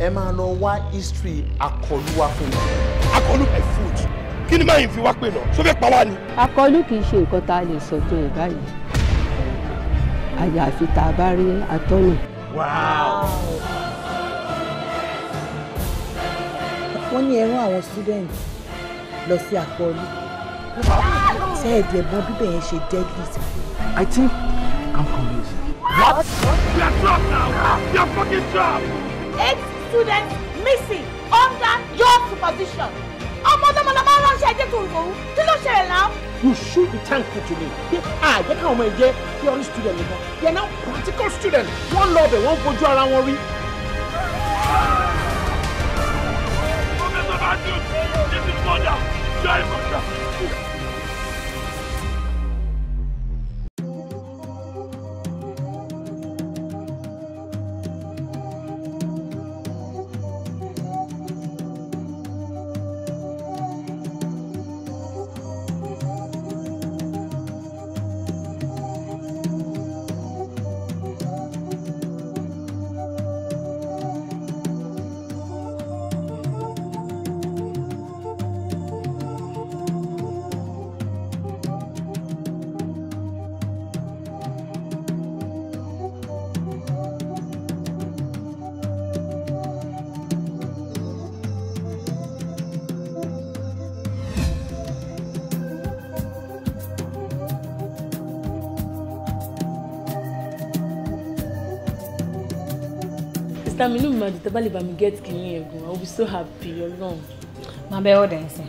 ẹ máa lọ wá history àkọlù wa fún mi. àkọlù by foot kí ni báyìí fi wá pè náà sófẹ́ pa wá ni. àkọlù kì í ṣe nǹkan tá a lè sọ tó ẹ̀ báyìí àyàfi tá a bá rí atọ́nà. wọ́n ní ẹ̀rọ àwọn student lọ sí àkọlù sẹ́ẹ̀dì ẹ̀gbọ́n bíbẹ̀ yẹn ṣe deadly. I think I'm convinced. What? What? You are trapped now! You are fucking trapped! students missing under your supervision. ọmọ ọdọmọdọmọ ránṣẹ́ ẹjẹ́ tó rúkọ̀rú kí ló ṣẹlẹ̀ náà. you should be thankful to me pé àjẹ́ ah, káwọn ọmọ ẹ jẹ́ theory student nìkan they are now practical students wọ́n lọ ọbẹ̀ wọ́n fojú ara wọn rí. professor matthew this is murder you are a murderer. mi inú mi máa dùn tó mi get kìíní ẹ̀gùn I will be so happy ọlọ́run. máa bẹ́ ọ̀dà ẹ̀sìn.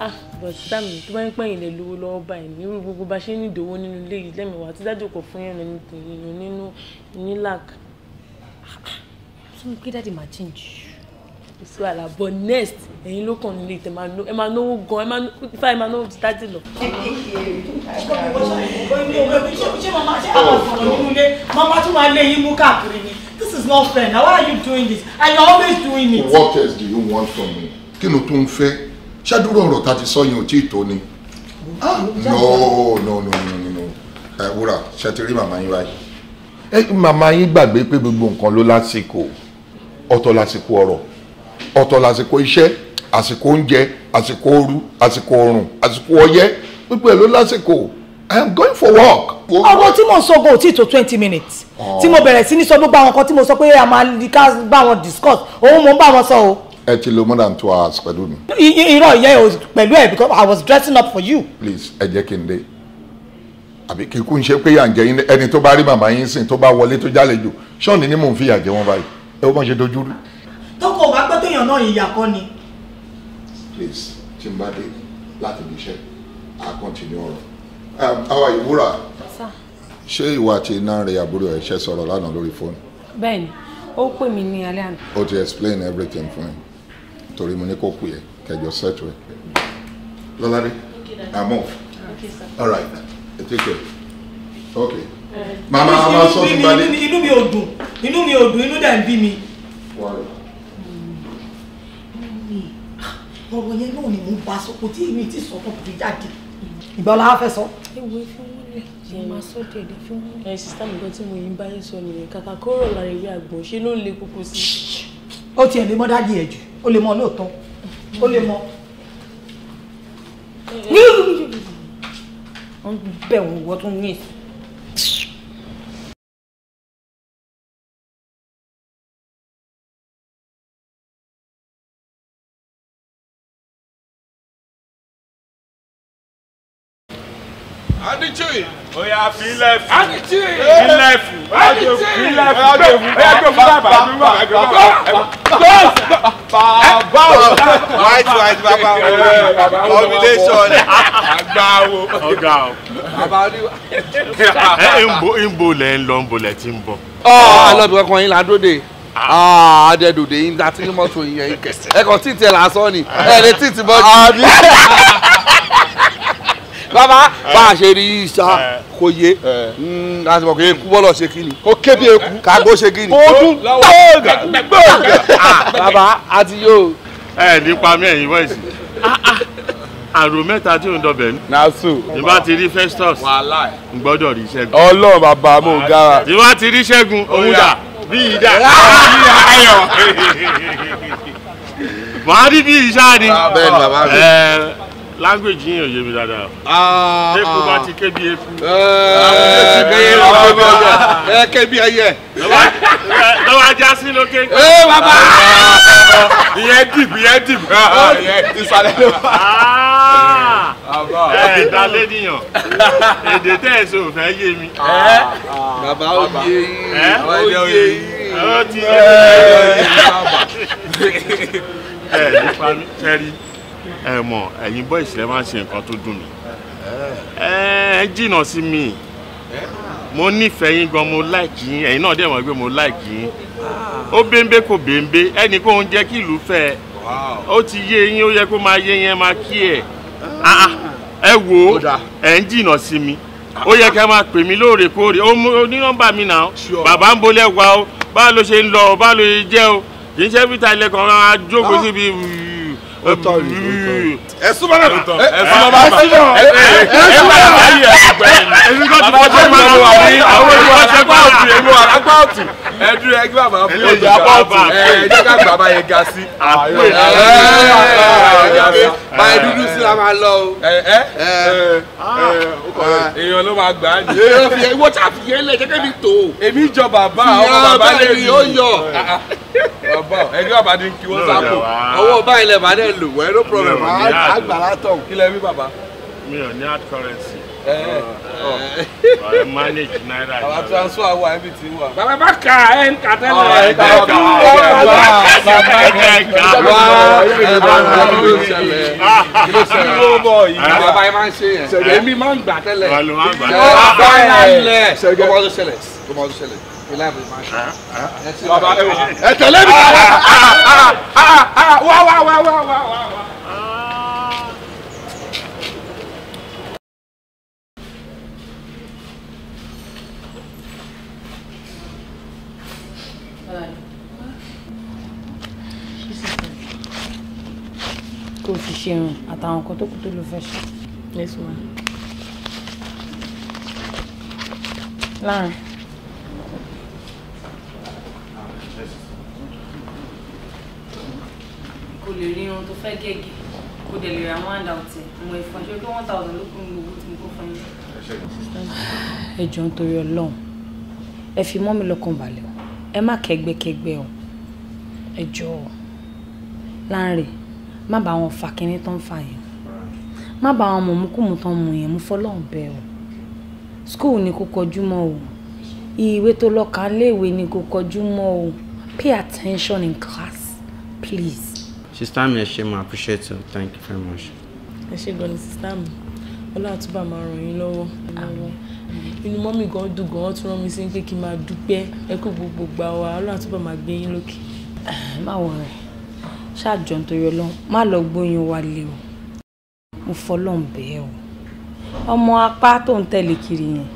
ah but sami tó bá ń pẹ́yìn lẹ lówó lọ́wọ́ báyìí nírú gbogbo bá ṣe ń dòwó nínú ilé yìí lẹ́mìí wá tí dájú kò fún yẹn lẹ́nu tèèyàn nínú ní lack. sọ́mi pé dáàdi máa change. kò sí wàhálà but next ẹ̀yin ló kàn nílé ìtẹ̀ ẹ máa náwó gan ẹ máa fà ẹ máa náwó ti dájú lọ. ṣé màmá ṣé àwọn ọ̀sán nínú ilé màmá tún máa lé yín mú káàkiri ni is not fair now why are you doing this and you're always doing it. what else do you want from me kí ló tó ń fẹ́ ṣáàdúró ọ̀rọ̀ tá a ti sọ yẹn ò tí ì tó ni. Ah, no no no no no ẹ wúrà ṣe ti rí màmá yín báyìí. ẹ màmá yín gbàgbé pé gbogbo nǹkan ló lásìkò ọ̀tọ̀ lásìkò ọ̀rọ̀ ọ̀tọ̀ lásìkò iṣẹ́ àsìkò oúnjẹ àsìkò ooru àsìkò oòrùn àsìkò ọyẹ́ gbogbo ẹ̀ ló lásìkò. I am going for work. Ọ̀rọ̀ tí mo sọ gan ò tí tó twenty minutes. Oh. Tí mo bẹ̀rẹ̀ sí ní sọ gbogbo àwọn kan tí mo sọ pé a máa di ká bá wọn discuss. Òun mo ń bá wọn sọ o. Ẹ ti lò more than two hours pẹ̀lú mi. Irọ́ ìyẹn o pẹ̀lú ẹ̀ because I was dressing up for you. Please ẹ jẹ́ kí n dé. Àbí kí kú ń ṣe pé yà ń jẹ yín ẹni tó bá rí màmá yín sìn tó bá wọlé tó jálejò. Ṣọ́ọ̀nì ni mò ń fìyà jẹ wọn báyìí. Ẹ wọ́n ṣe dojú rú. Tókò bá pẹ́ téèyàn náà ìyà kọ́ ni. Please, tí n bá dé láti ibi I continue ọ̀rọ̀. Um, àwa ìwúrà ṣé ìwà àti iná rẹ̀ àbúrò ẹ̀ ṣe sọ̀rọ̀ lánàá lórí fóònù. bẹ́ẹ̀ni ó pè mí ní alẹ́ àná. ó ti explain everything fún mi torí mo ní kó pè é kẹjọ settle ẹ. lọ́ládé i'm off all right take care okay. màmá a máa sọ fún gbadé. inú mi ò dùn inú mi ò dùn inú dẹ̀ ń bí mi. ọ̀rọ̀ yẹn náà ni mo bá sọ kò tí mi ti sọ tó kò jáde ìgbà ọ̀la á fẹ́ sọ ewu efi wọn lẹ ẹ máa sọ díẹ̀ díẹ̀ fi wọn lẹ. ẹ sísá mi kan tí mo yín bá yín sọ nìyẹn kàkà kó rọ̀ lára ìwé ṣé ló ń le koko sí. ó tiẹ̀ lè mọ dájú ẹ̀ jù ó lè mọ lóòótọ́ ó lè mọ. ń bẹ̀ wọ́n tún yín sí. Adichi. Oya filẹ̀ fún. Adichi. Filẹ̀ fún. Adichi. Filẹ̀ fún. Oya gbé fún bàbá mi wá. Bàbá o. White white bàbá o. Combination. Àgbà wo. Ọ̀gá o. Bàbá oníwà. Ẹ ń bo ń bo lẹ̀ ń lọ ń bo lẹ̀ tí ń bọ̀. Ọ̀ àlọ́bì kankan yín la dóde àádẹ́dòdè yín láti ní mọ́tò yẹn kẹsẹ̀. Ẹ kàn tí ì tẹ lásán ni. Ẹ lè tí ì ti bọ́ jù. Baba, eh. bá a ṣe rí isa eh. kò yé eh. hmm, láti mọ̀ pé kú bọ́lọ̀ ṣe kí ni. kò ké bí eku. kàgbó ṣe kí ni. kò tún gbòògà gbòògà. Ah, ah, bàbá a ti yóò. ẹ nípa mi ẹ̀yin voice ah, àrò mẹ́ta tí ò ń dọbẹ̀ ní. nasu. ìbá ti rí festus. wàhálà ẹ̀. n gbọ́dọ̀ rí ṣẹ́gun. ọlọ́run bàbá mo gara. ìbá ti rí ṣẹ́gun òun dà bí ìdá bí ayọ̀. màá rí bí ìṣáà ni. bẹ́ẹ̀ ni bàbá mi language yín ò yé mi dáadáa. eku ah, ah. bá ti ké bí eku. ẹ eh, eh, ké bí ẹyẹ. lọ́wọ́ eh, ajá sí lókè. ee bàbá. ìyẹn dìbò ìyẹn dìbò. Ah, ìsàlẹ̀ ló wà. ẹ da lẹ́nìyàn èdè tẹ́ ẹ̀ sọ fẹ́ yé mi. bàbá ó yé yín ó yé yín. ó ti yé mi. ẹ nípa mi sẹ́rí ẹ mọ̀ ẹ̀yin boys lẹ máa ń ṣe nǹkan tó dùn mí ẹ ẹ jìnnà sí mi mo nífẹ̀ẹ́ yín gan mo like yín ẹ̀yin náà dẹ̀ mọ̀ pé mo like yín ah. ó bẹ́ńbẹ́ kò bẹ́ńbẹ́ ẹnì kò ń jẹ́ kí ìlú fẹ́ ẹ ó ti yé yín ó yẹ kó máa yé yẹn máa kí ẹ ah, ah. ẹ wò ó ẹ ń jìnnà sí mi ó yẹ kẹ́ máa pè mí lóòrèkóòrè ní nọ́mbà mi náà bàbá ń bolẹ̀ wá o báwo ló ṣe ń lọ o báwo ló ṣe jẹ́ o kì í ṣe fi ta ilẹ̀ kan máa jókòó síbi wíwí ó tọ̀ rí. ẹ súnmọ́ náà ẹ súnmọ́ bá bá ẹ súnmọ́ ẹ súnmọ́ bá yẹ ẹgbẹ́ yìí. bàbá jẹ́ mi lọ́wọ́ àbí àwọn olùwà jẹ́ pa òtù èmi wà lápá òtù ẹ dúró ẹgbẹ́ bàbá fún òjò apá òtù ẹ jẹ́ ká bàbá yẹn ga sí. báyìí dúdú sí la máa lọ o. èèyàn ló máa gbà á ní. èèyàn fi ẹwọ́ tí a fi yẹn lẹ̀ jẹ́kẹ́ mi tò. èmi jọ bàbá àwọn bàbá lè rí bàbá ẹni ní kí wọ́n sáàpù owó báyìí lẹ̀ máa dẹ̀ lò wẹ́ no problem àgbàlá tọ̀ kí lẹ́ rí bàbá. mi ò ní hard currency. ọ̀rẹ́ manage náírà yìí. bàbá transfer wà ẹbí tí wà. bàbá bá kà ẹ̀ ń kà tẹ́lẹ̀. ẹ̀ kà bàbá bàbá ẹ̀ kà wá ẹ̀ bá ń bá ló ṣẹlẹ̀ ló ṣẹlẹ̀ ló bọ̀ yìí. bàbá yẹn Ah ah ah, ah, ah, ah, ah, wá wá wá wá wá. kò fi ṣerun àtàwọn nǹkan tó kù tó ló fẹ́ ṣe. lẹ́sùn wa. láàrin. kò lè rí irun tó fẹ́ gẹ̀gẹ̀ kò dẹ̀ lè ra one out ẹ̀ mo ẹ̀fọn ṣe pé one thousand ló kún gbogbo tí mo kó fún yín. ẹ jọ̀ọ́ nítorí ọlọ́run ẹ fi mọ́ mi lọ́kàn balẹ̀ ẹ má kẹ́gbẹ́kẹ́gbẹ́ o ẹ jọ̀ọ́ Lánrè má bá wọn fa kinní tó ń yẹn má bá wọn mọ̀ mú kú mu yẹn mú fọlọ́run bẹ́ẹ̀ o school ni kò kọjú mọ́ o ìwé tó lọ́ka léèwé ni kò kọjú mọ́ o pay attention in class please sista mi ẹ ṣe mo appreciate you thank you very much. ẹ ṣe gan ni sista mi ọlọ́run àtúbà máa ràn yín lọ́wọ́ inú mọ́mì gan dùn gan wọ́n tún rán mi sí pé kí n máa dúpẹ́ ẹ kú gbogbo gbà wá ọlọ́run àtúbà máa gbé yín lókè. má wọ rẹ ṣáàjọ nítorí ọlọ́run má lọ gbóyin wa lé o mo fọlọ́n bẹ́ẹ̀ o ọmọ apá tó ń tẹ̀lé kiri yẹn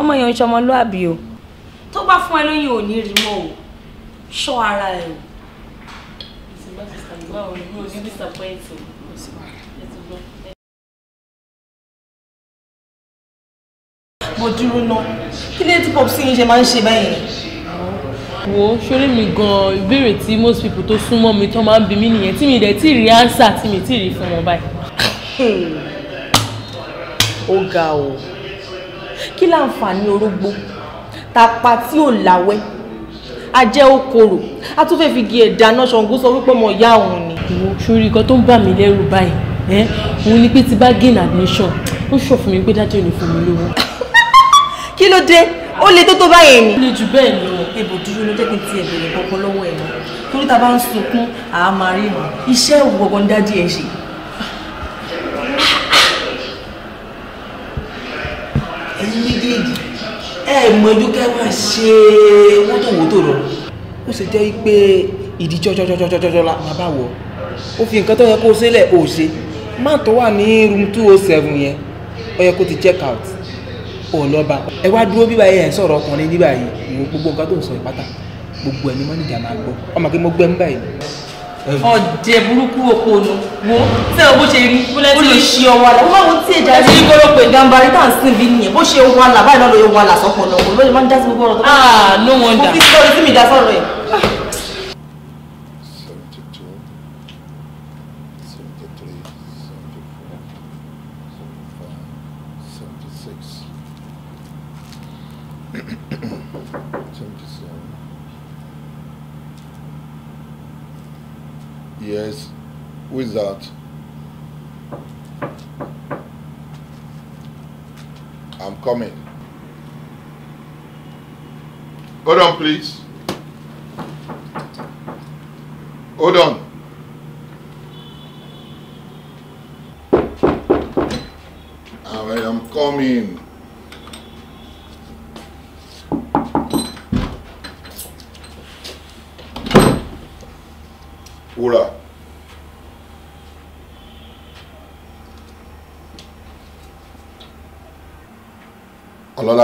ọmọ yẹn ń ṣọmọlúàbí o tó bá fún ẹ lóyún ò rí mọ́ o ṣọ́ ara ẹ o báwo ni mi ò ní mo dúró ná kí ló dé pop sí yín ṣe máa ń ṣe bẹ́ẹ̀ yẹn. wo ṣoré mi gan-an ìbéèrè tí most people tó súnmọ́ mi tó máa ń bi mí nìyẹn tí mi dẹ̀ tí ì rí answer tí mi tí ì rí fún wọn báyìí. ó ga o kí láǹfààní orógbó tàpá tí ò láwẹ́ ajẹ́ okòrò a tún fẹ́ fi gi ẹ̀dá náà ṣàngó sọ wípé ọmọ ìyá òun ni. ìwọ sórí nǹkan tó ń bà mí lẹ́rù báyìí ẹ òun ni pé ti bá gain admission ó sọ mi pé dájú ò fún mi lówó. kí ló dé ó le tó tó báyìí ni. ó le jù bẹ́ẹ̀ lọ ebò dúró ló jẹ́ kí n ti ẹ̀bẹ̀rẹ̀ kankan lọ́wọ́ ẹ̀ lọ torí ta bá ń sunkún àmàrí mọ̀ iṣẹ́ òwògbọ̀n ń dájú ẹ̀ méjèèjì ẹ mọ̀jú kẹ́ máa ṣe wótòwótò lọ ó sì jẹ́ pé ìdí jọjọjọjọjọjọ la bá wọ̀ ó fi nǹkan tó yẹ kó sílẹ̀ ò ṣe má tó wà ní oh check out ò lọ bá ẹ wá dúró bíbá yẹn sọ̀rọ̀ ọkùnrin bíbá gbogbo nǹkan tó gbogbo ẹ̀ mọ́nìjà máa gbọ́ ọmọ kí mo gbẹ́ ń ọ̀dẹ̀ burúkú òponu wo tẹ́ o bó ṣe rí ó lè ṣe ọwọ́ àlà wọ́n máa ń tí èdè àti ìgbọ́dọ̀ pé gambari tá à ń sìn bí nìyẹn bó ṣe wà là báyìí náà ló yẹ wà là náà olóyè máa ń dá sí gbogbo ọ̀rọ̀ tó bá wà. ah no wonder. mo fi sọ́ọ́rì sí mi dá out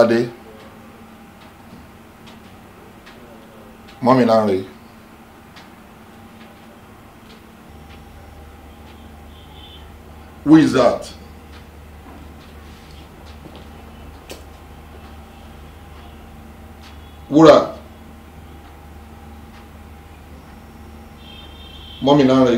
Bọ́ládé mọ́mí Lánre who is that? Wúrà mọ́mí Lánre.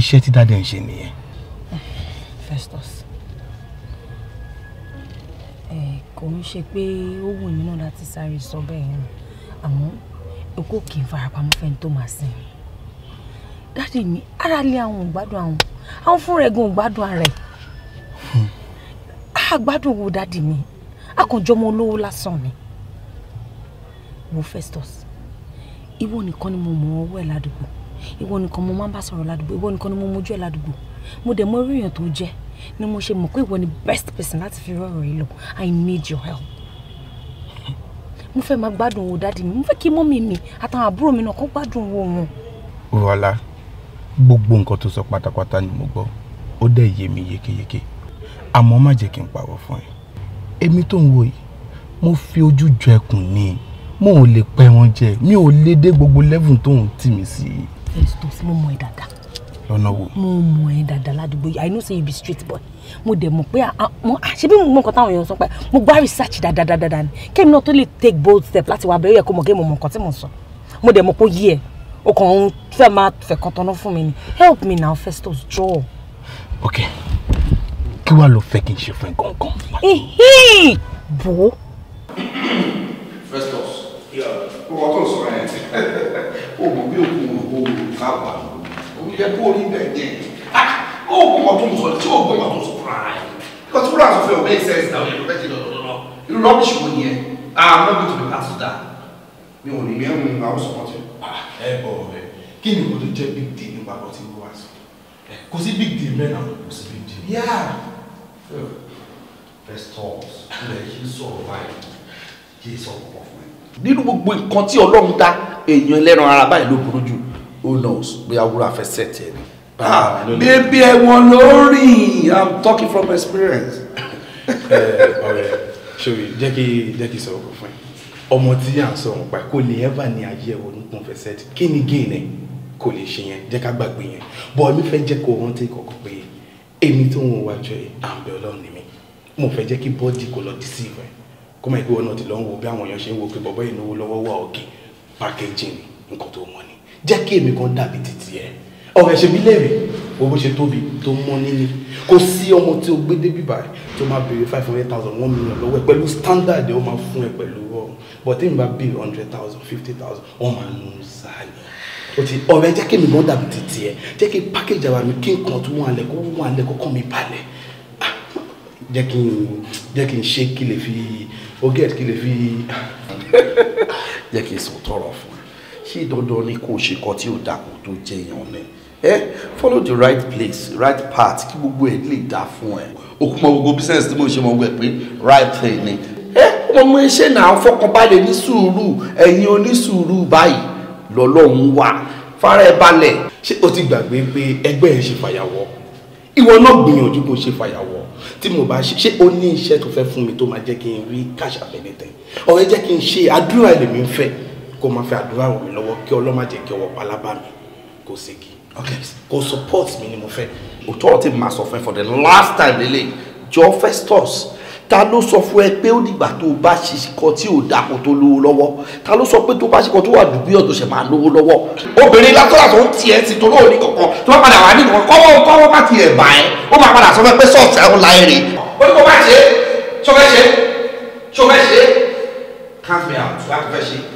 iṣẹ́ tí dáadé ń ṣe nìyẹn. Festus kò ń ṣe pé ó wù mí náà láti sáré sọ bẹ́ẹ̀ yẹn àmọ́ okó kì í farapamọ́ fẹ́ni tó máa sìn mí dáàdì mi ara lé àwọn ògbádùn àwọn àwọn fúnra ẹ̀gbọ́n ògbádùn ara ẹ̀ àgbádùn wo dáàdì mi akànjọ ọmọ olówó lásán ni mo Festus ìwọ nìkan ni mo mọ ọwọ́ ẹ̀ ládùúgbò ìwọ nìkan mo máa ń bá sọ̀rọ̀ ládùúgbò ìwọ nìkan ni mo mojú ẹ̀ ládùúgbò mo dẹ̀ mọ irú èèyàn tó jẹ́ ni mo ṣe mọ̀ pé ìwọ ni best person láti fi rọrọ̀ yìí lọ i need your help mo fẹ́ máa gbádùn wo dáàdi mi mo fẹ́ kí mọ́mì mi àtàwọn àbúrò mi náà kó gbádùn wo wọn. rọlá gbogbo nǹkan tó sọ pátápátá ni mo gbọ́ ó dẹ̀ yé mi yékéyéké àmọ́ má jẹ́ kí n pààrọ̀ fún ẹ èmi tó ń wo yìí mo fi ojú jọ ẹkùn ni mo ò lè pẹ́ wọn jẹ mi ò lè dé gbogbo lẹ́vùn tó ń tì mí sí i Festus mo mọ ẹ dáadáa. lọ́nà wo. mo mọ ẹ dáadáa ládùúgbò i know say you be straight boy mo dẹ̀ mọ̀ pé ah, ah, ṣebí mo mọ nǹkan táwọn èèyàn sọ pé mo gba research dáadáa ni kémi náà tó lè take bold step láti wá bẹ̀rẹ̀ yẹ kó mọ̀ kémi mọ nǹkan tí mo sọ mo dẹ̀ mọ̀ pé ó yí ẹ̀ o kàn ń fẹ́ máa fẹ́ kan tọ́nà fún mi ni help me now Festus jọ̀ọ́. ok kí wàá lọ fẹ́ kí n ṣe fún ẹ gangan. bò. Festus kókó tó sọ ẹ o mọ bí òkú owó káwa ó yẹ kó o rí bẹ́ẹ̀ dẹ́ ó gbọ́n wà tó sọ tí ó gbọ́n wà tó sọ fúnra rẹ̀ because fúnra rẹ̀ o bẹ́ẹ̀ sẹ́ẹ̀ sí àwọn ẹ̀rọ bẹ́ẹ̀ ti lọ lọ́lọ́ irú rọ́bìṣì wo ni ẹ ah I'm not going to be part of that mi ò ní yẹn ń àwọn sọ̀kọ́tì. ẹ bọ̀ ọ̀rẹ́ kí ni mo tó jẹ́ big deal nípa ọkọ̀ tí wá sí kò sí big deal mẹ́rin àwọn kò sí big deal. yeah. best talks ilẹ̀ yìí sọ̀rọ̀ báyìí yìí sọ̀rọ̀ pọ̀ fún mi. nínú gbogbo nǹkan tí Ọlọ́run dá èèyàn ẹlẹ́ran ara báyìí ló burú jù who knows bóyá wúrà fẹ́ set yẹn ni. bébí ẹ̀wọ̀n ló rìn i'm talking from experience. Eh, ọ̀rẹ́ ṣòwì jẹ́ kí jẹ́ kí sọ̀rọ̀ kò fún ẹ ọmọ tí à ń sọ̀rọ̀ pa kò lè ẹ́fà ní ayé ẹ̀wọ̀n ní kún fẹ́ set kí ni gain ẹ̀ kò lè ṣe yẹn jẹ́ ká gbàgbé yẹn bọ́ èmi fẹ́ jẹ́ kó rántí kọ̀ọ̀kan pé èmi tó ń wájú ẹ̀ àǹbẹ̀ ọlọ́run ni mi mo fẹ́ jẹ́ kí bọ́ọ̀dì kò lọ deceive ẹ̀ kó mọ̀ ìgbéwọ̀n náà ti lọ ń wo bí àwọn èèyàn ṣe ń wo pé bọ̀bọ́ ìnáwó lọ́wọ́ wà òkè packaging nǹkan tó mọ̀ ni jẹ́ kí èmi kan dàbí títì ẹ̀ ọ̀rọ̀ ẹ̀ṣẹ̀ mi léèrè owó ṣe tóbi tó mọ́ níní kò sí ọmọ tí o gbé débi báyìí tó máa béèrè five hundred thousand one million lọ́wọ́ ẹ̀ pẹ̀lú standard ẹ̀ ó máa fún ẹ pẹ̀lú ọ̀run but tí mi bá béèrè hundred thousand fifty thousand wọ́n máa nù sáà ni o ti ọ̀rẹ́ jẹ́ kí mi gbọ́n dàbí títì ẹ̀ jẹ́ kí package àwa mi kí n kàn tó wọn alẹ́ kó wọn alẹ́ kó kàn mí balẹ̀ ah, jẹ́ kí n jẹ́ kí n ṣe kí lè fi o kí lè fi jẹ́ kí n sọ tọrọ fún ṣé dandan ni kò ṣe kan tí ò dàpọ̀ tó jẹ́ èèyàn ni ẹ follow the right place right path kí gbogbo ẹ lè dá fún ẹ òkú mọ gbogbo business tí mo ṣe mọ gbẹ pé right thing ni ẹ ọmọ iṣẹ́ náà fọkànbalẹ̀ ní sùúrù ẹ̀yin onísùúrù báyìí lọ́lọ́run wà fara ẹ balẹ̀. ṣé o ti gbàgbé pé ẹgbẹ́ ẹ ṣe fàyàwọ́ ìwọ náà gbìyànjú kó ṣe fàyàwọ́ tí mo bá ṣe ṣé o ní iṣẹ́ tó fẹ́ fún mi tó máa jẹ́ kí n rí cash àbẹ̀lẹ̀tẹ̀ ọ̀rẹ́ jẹ́ kí n ṣe àdúrà lèmi ń fẹ́ kó máa fi àdúrà ràn mí lọ́wọ́ kí ọlọ́mà jẹ́ kí ọwọ́ palábà mi kó ségi kó support mi ni mo fẹ́ òtọ́ ọtí máa sọ fún ẹ for the last time lélẹ̀ jọ Festus ta ló sọ fún ẹ pé ó dìgbà tó o bá ṣe kan tí ò dáa kó tó lówó lọ́wọ́ ta ló sọ pé tó o bá ṣe kan tó wà dùbí ọ̀tọ̀ ṣẹ̀ máa lówó lọ́wọ́ obìnrin lásán tó ń tiẹ̀ sí torí òní kankan tó bá padà wà ní kankan kọ́wọ́ kọ́wọ́ bá tiẹ̀ bá ẹ ó máa padà sọ fẹ́ pé sọ́ọ̀tì ẹ̀hún la ẹ̀rẹ̀. ó ní kó bá ṣe é ṣó fẹ́ ṣe é ṣó ṣe é.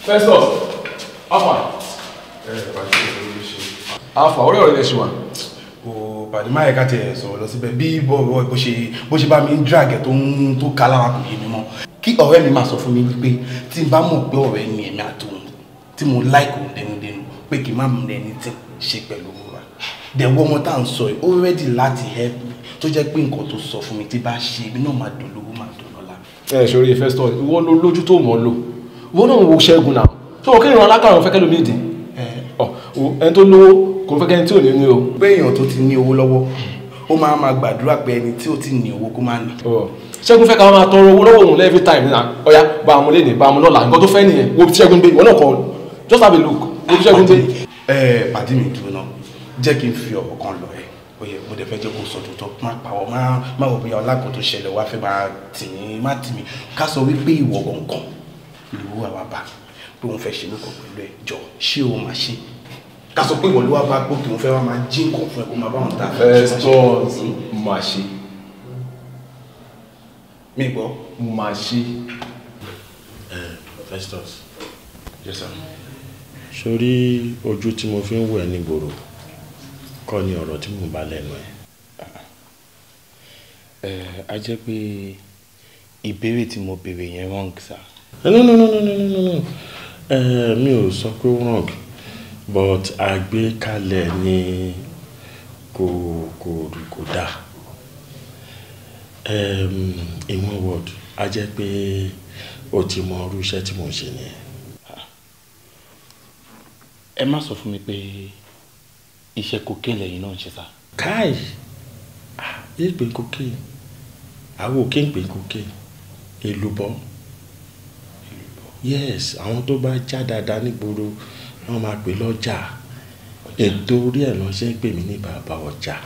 Festus afa. afa orí ọ̀rẹ́ rẹ̀ ṣe wà. kò pàdé máa ẹ̀ka tiẹ̀ sọ̀rọ̀ lọ síbẹ̀ bí bọ́ọ̀rọ̀ bó ṣe bó ṣe bá mi ń drag tó ń tó ká lára kò yé mi mọ́ kí ọ̀rẹ́ mi máa sọ fún mi wípé tí n bá mọ̀ pé ọ̀rẹ́ mi ẹ̀mí àtòun tí mo láìkò dẹnudẹnu pé kì í má mú ẹni tí ṣe pẹ̀lú wa dẹ̀wọ́ ọmọ tá à ń sọ ẹ̀ ó rẹ́dì láti help tó jẹ́ pé nǹkan tó sọ fún mi tí bá ṣe èmi náà máa dùn lówó máa dùn lọ́la. ẹ ṣòrí fẹsítọ ìwọ ló lójú tó mọ lò ìwọ náà wo ṣẹ́gun náà tó wọ kí ìran alákàrọ̀ fẹ́ kẹ́lómi ìdí ẹni tó lówó kò fẹ́ kẹ́ni tí ò ní ní o. pé èèyàn tó ti ní owó lọ́wọ́ ó máa máa gbàdúrà pé ẹni tí ò ti ní owó kó máa ní. ṣẹ́gun fẹ́ ká máa tọrọ owó lọ́wọ́ òun every time náà ọ̀yá bá a mú lé ní bá a mú lọ́la nǹkan tó fẹ́ nìyẹn wo ṣẹ́gun gbé ìwọ just have a look wo ṣẹ́gun gbé. ẹ pàdé mi dùn náà jẹ́ kí n fi ọ̀rọ̀ ó yẹ mo dẹ̀ fẹ́ jẹ́ kó sọ tòótọ́ má pàwọ́ má má wò bóyá ọlágùn tó ṣẹlẹ̀ wá fẹ́ máa tì mí má tì mí ká sọ wípé ìwọ gọ̀ǹkan ló wà wá bá pé òun fẹ́ ṣe lóko pẹ̀lú ẹ̀ jọ ṣé o máa ṣe ká sọ pé ìwọ ló wà bá pé òun fẹ́ wá máa jí nǹkan fún ẹ kó máa bá wọn ta. ẹ tọ́ máa ṣe. mi gbọ́. mo ṣe. ẹ eh, Festus. yes sir. sórí ojú tí mo fi ń wẹ̀ nígboro kọ́ ni ọ̀rọ̀ tí mò ń bá lẹ́nu ẹ̀. ẹ a jẹ́ pé ìbéèrè tí mo béèrè yẹn wrong sa. no no no no no no no mi ò sọ pé wrong but àgbékalẹ̀ ni kò kò kò dáa in one word a jẹ́ pé o ti mọ irú iṣẹ́ tí mo ń ṣe nìyẹn. ẹ má sọ fún mi pé. Pe iṣẹ́ kókè lẹ́yìn náà ń ṣe sá. káì èèpè kókè àwọn òkè ń pè kókè èlùbọ́ yes àwọn tó bá já dáadáa nígboro wọn máa pè lọ́jà nítorí ẹ̀ lọ́sẹ̀ ń pè mí ní bàbá ọjà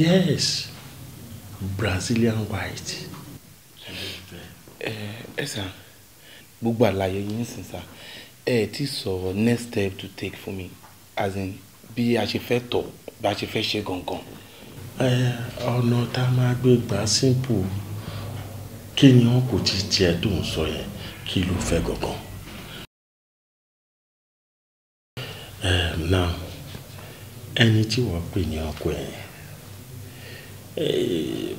yes Brazilian white. ẹ ẹ sàn gbogbo àlàyé yín sìn sá ẹ ti sọ next step to take for me? as in bí a ṣe fẹ́ tọ̀ bí a ṣe fẹ́ ṣe gangan. ọ̀nà tá a máa gbé gbà simple kí ni wọn kò ti tiẹ̀ tó ń sọ yẹn kí ló fẹ́ gangan. now ẹni tí wọ́n pè ní ọkọ ẹ̀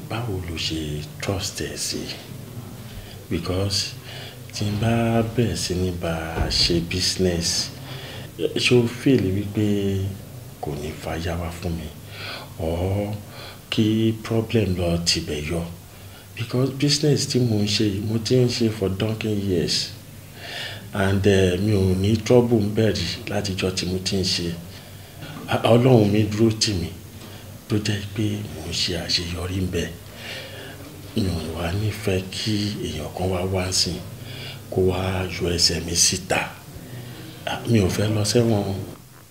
báwo ló ṣe trust ẹ̀ sí because tí n bá bẹ̀rẹ̀ sí ní bá a ṣe business ṣé o feel wípé kò ní fàyà wá fún mi or kí problem lọ tibẹ̀ yọ because business tí mo ń ṣe mo ti ń ṣe for donkey years and uh, mi ò ní trouble ń bẹ̀rì látijọ́ tí mo ti ń ṣe ọlọ́run mi dúró tì mí tó jẹ́ pé mo ń ṣe àṣeyọrí ń bẹ mi ò wá nífẹ̀ẹ́ kí èèyàn kan wá wá sí kó wá yọ ẹsẹ̀ mi síta. Si mi ò fẹ́ lọ sẹ́wọ̀n o.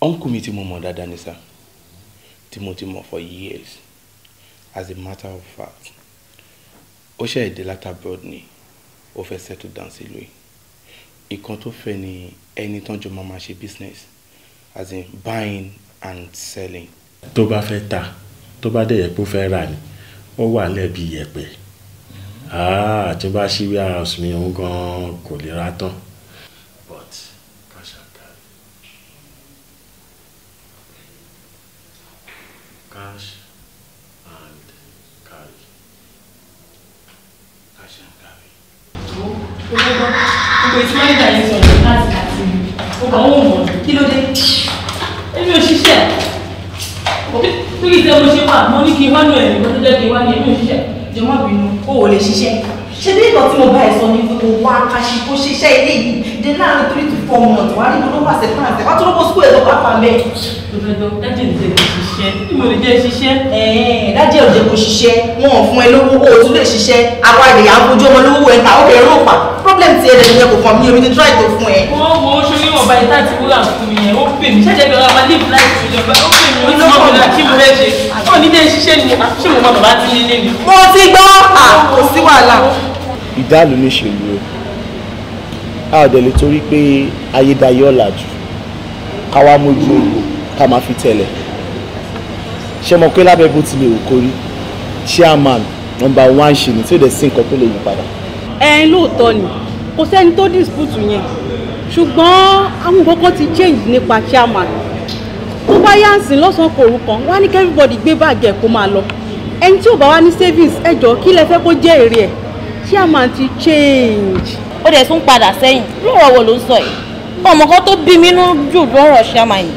uncle mi tí mo mọ̀ dáadáa ni sá tí mo ti mọ̀ for years as a matter of fact ó ṣe èdè láti abroad ni ó fẹ́ settle down sílùú yìí ìkan tó fẹ́ ni ẹni tán jọ máa ma ṣe business as in buying and selling. tó bá fẹ́ ta tó bá dẹ̀ yẹ kó fẹ́ rà ni ó wà lẹ́bi yẹ̀pẹ̀ ah, tí ó bá ṣí warehouse mi òun gan-an kò lè ra tán. cash and carry cash and carry. gbogbo ìtí mọ́nìjà yìí sọ̀rọ̀ láti àti ọkọ̀ owó mọ̀ kí ló dé èmi ò ṣiṣẹ́ píríṣẹ́ mo ṣe wà mo ní kí n wá nù ẹ̀mí mo tó jẹ́ kí n wá ní èmi ò ṣiṣẹ́ jọmọ́ bínú o ò lè ṣiṣẹ́ ṣe bí ìgbà tí mo bá ẹ sọ ní fún owó akáṣí ṣiṣẹ́ tí mo lè jẹ́ ṣiṣẹ́. dájẹ́ òde kò ṣiṣẹ́ wọn ò fún ẹ lówó o tún lè ṣiṣẹ́ àwa èdè yà ń fojú ọmọ lówó ẹ ta ó bẹ̀rẹ̀ ó fà problem ti ẹ̀rẹ̀ yẹn kò kàn mí omi ní tíráì tó fún ẹ. wọ́n wo oṣù ní wọ̀nba ìta ti wúrà fún mi yẹn ó pè mí ṣẹ́jẹ́ bí wọ́n máa live life mi lọ́ba ó pè mí ó ní mọ̀ mi náà kí mo fẹ́ ṣe ó ní jẹ́ ṣiṣẹ́ ni ah, ṣé mo máa bàbá ti nílé ni. mo ti gbọ́ à ah, kò sí wàhálà. ìdálò ní ìṣèlú o a ò dẹ̀ lè torí pé ayédáyé ọ̀làjú ká wá mójú ká máa fi tẹ̀lẹ̀ ṣé mo pé lábẹ́ bó tilẹ̀ ò kórí chairman number one ṣì ní tí ò dẹ̀ sí nǹkan tó lè yí padà. ẹ ẹ lóòótọ́ ni kò sẹ́ni tó dispute yẹn ṣùgbọ́n àwọn kọ́kọ́ ti change nípa chairman tó bá yá ǹsìn lọ́sàn-án kò rú kan wá ní kí everybody gbé báàgì ẹ̀ kó máa lọ ẹni tí ò bá wá ní savings ẹ jọ kí lẹ fẹ́ kó jẹ́ èrè ẹ̀ chairman ti change. ó dẹ̀ tún padà sẹ́yìn lóòrọ̀ wo ló ń sọ yìí ọmọ kan tó bí mi nínú jù lọ́rọ̀ chairman yìí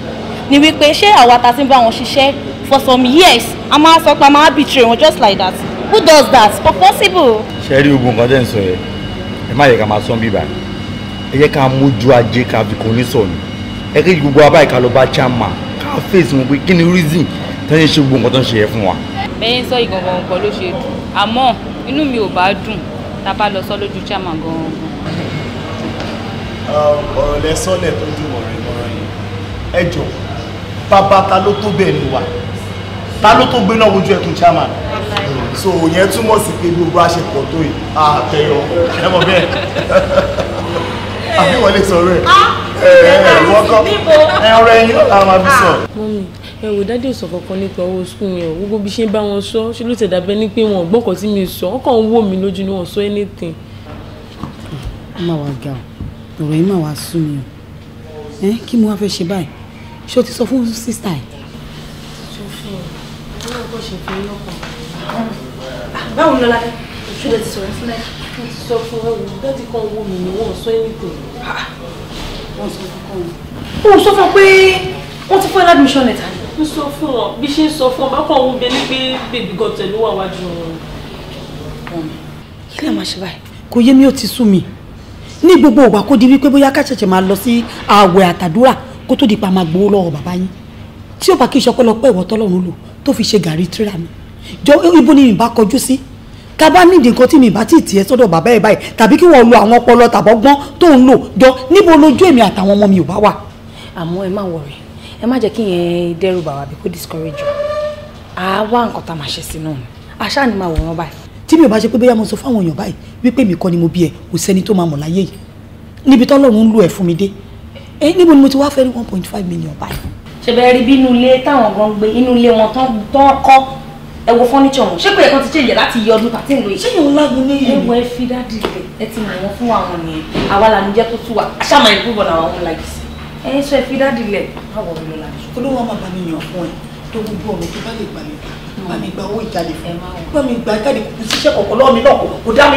ni wípé ṣé àwa ta ti bá wọn ṣiṣẹ́ for some years a máa sọ pé a máa betray wọn just like that who does that for possible. ṣe rí ogun nǹkan tẹ́ ń sọ yẹn ẹ má yẹ ká máa sọ́n bíbá ẹ yẹ ká mójú ajé ká fi kò ní sọ̀nù ẹ kéjì gbogbo abá ìka lọ bá chairman ká fèsì wọn pé kí ni reason tẹ́ ń ṣe gbogbo nǹkan tó ń ṣe yẹ fún wa. bẹ́ẹ̀ ń sọ ìgangan nǹkan ló ṣe dùn àmọ́ inú mi ò bá dùn tá a bá lọ sọ lójú chairman gan-an. ọ̀rọ̀ lẹ́sọ̀lẹ̀ tó dùn ọ̀rẹ́ mọ́ra yìí ẹ jọ bàbá ta ló tó bẹ́ẹ̀ ni wà ta ló tó gbéná wojú ẹkùn chairman so yẹn túmọ̀ sí pé gbogbo àṣepọ̀ tó yìí àtẹyọ ẹ mọ̀ bẹ́ẹ̀ àbí wọlé sọ̀rọ̀ ah, ẹ ẹ ẹ wọ́kọ́ ẹ ọ̀rọ̀ ẹyin ọ̀la máa fi sọ. Ah. mọ́mí ẹ wò dáàdì sọ kankan nípa owó sùkúù yẹn o gbogbo bí ṣe ń bá wọn sọ ṣe ló tẹ̀dá bẹ́ẹ̀ ni pé wọn ò gbọ́kọ̀ tí mi sọ ọkàn ń wò mí lójú ni wọn sọ anything. ó mà wá ga ọ ọ̀rọ̀ yìí mà wá sú mi o ẹ kí mo wá fẹ́ ṣe báyìí ṣé o ti sọ fún sísá yìí ọlọ́pọ̀ ṣe fún yín ọkàn báwo lọ́la ṣó lè ti sọ̀rọ̀ fún ẹ wọ́n ti sọ fún ẹwù dọ́tí kan wo mi ni wọ́n sọ fún kan o sọ fún pé wọ́n ti fún ẹ ládùmíṣọ́ lẹ́tà ni. mo sọ fún ọ bí ṣe ń sọ fún ọ bá kàn ń bẹ ní pé bèbí gọtẹ ló wà wájú ọrùn. kí lè máa ṣe báyìí kò yé mi ó ti sú mi ní gbogbo ìgbà kó di wípé bóyá ká ṣẹ̀ṣẹ̀ máa lọ sí ààwẹ̀ àtàdúrà kó tó di pa máa gbowó lọ́wọ́ bàbá yín tí ó bá kí iṣẹ́ ọpẹ́lọpẹ́ ìwọ́tọ́lọ́run lò tó fi ṣe gàrí tíra mi jọ ibo ni mi bá kọjú sí ká bá nídìí nǹkan tí mi bá ti tiẹ̀ sọ́dọ̀ bàbá ẹ̀ báyìí tàbí kí wọ́n lo àwọn ọpọlọ tàbọ́gbọ́n tó ń lò jọ níbo lójú èmi àtàwọn ọmọ mi ò bá wà. àmọ́ ẹ má wọrí ẹ má jẹ́ kí yẹn dẹ́rù bà wá bí kò discourage o àá wá nǹkan tá a máa ṣe sí náà ni àṣà ni máa wò wọ́n báyìí. tí mi ò bá ṣe pé bóyá mo sọ fáwọn èèyàn báyìí wípé mi kọ́ ni mo bí ẹ kò sẹ́ni tó máa mọ̀ láyé yìí níbi tọ́lọ́run ń lo ẹ̀ fún mi dé ẹ níbo ni mo ti wá fẹ́ rí million báyìí ṣẹbẹ rí bí inú ilé táwọn gan gbé inú ilé wọn tán kọ́ ẹ wo fọ́nìṣọ̀ wọn ṣé pé ẹ̀kan ti ṣèyẹ láti yọ ọdún tàtí ìlú yìí. ṣé yóò lágbo ní yìí. ewu ẹ fi dáàdì rẹ ẹ ti mọ̀ wọ́n fún àwọn nìyẹn àwa là ń tó tú wa aṣáàmà ìlú bọ̀ náà àwọn láì sí. ẹ sọ ẹ fi dáàdì rẹ báwo ni lọ́la ṣe. olówó máa bá mi yàn fún ẹ tó gbogbo ọ̀rọ̀ tó bá lè gbà mí hmm. bá mi gba owó ìjàlè fún ẹ bá mi gba ìjàlè kò síṣẹ́ kọ̀ọ̀kan lọ́ọ̀ mi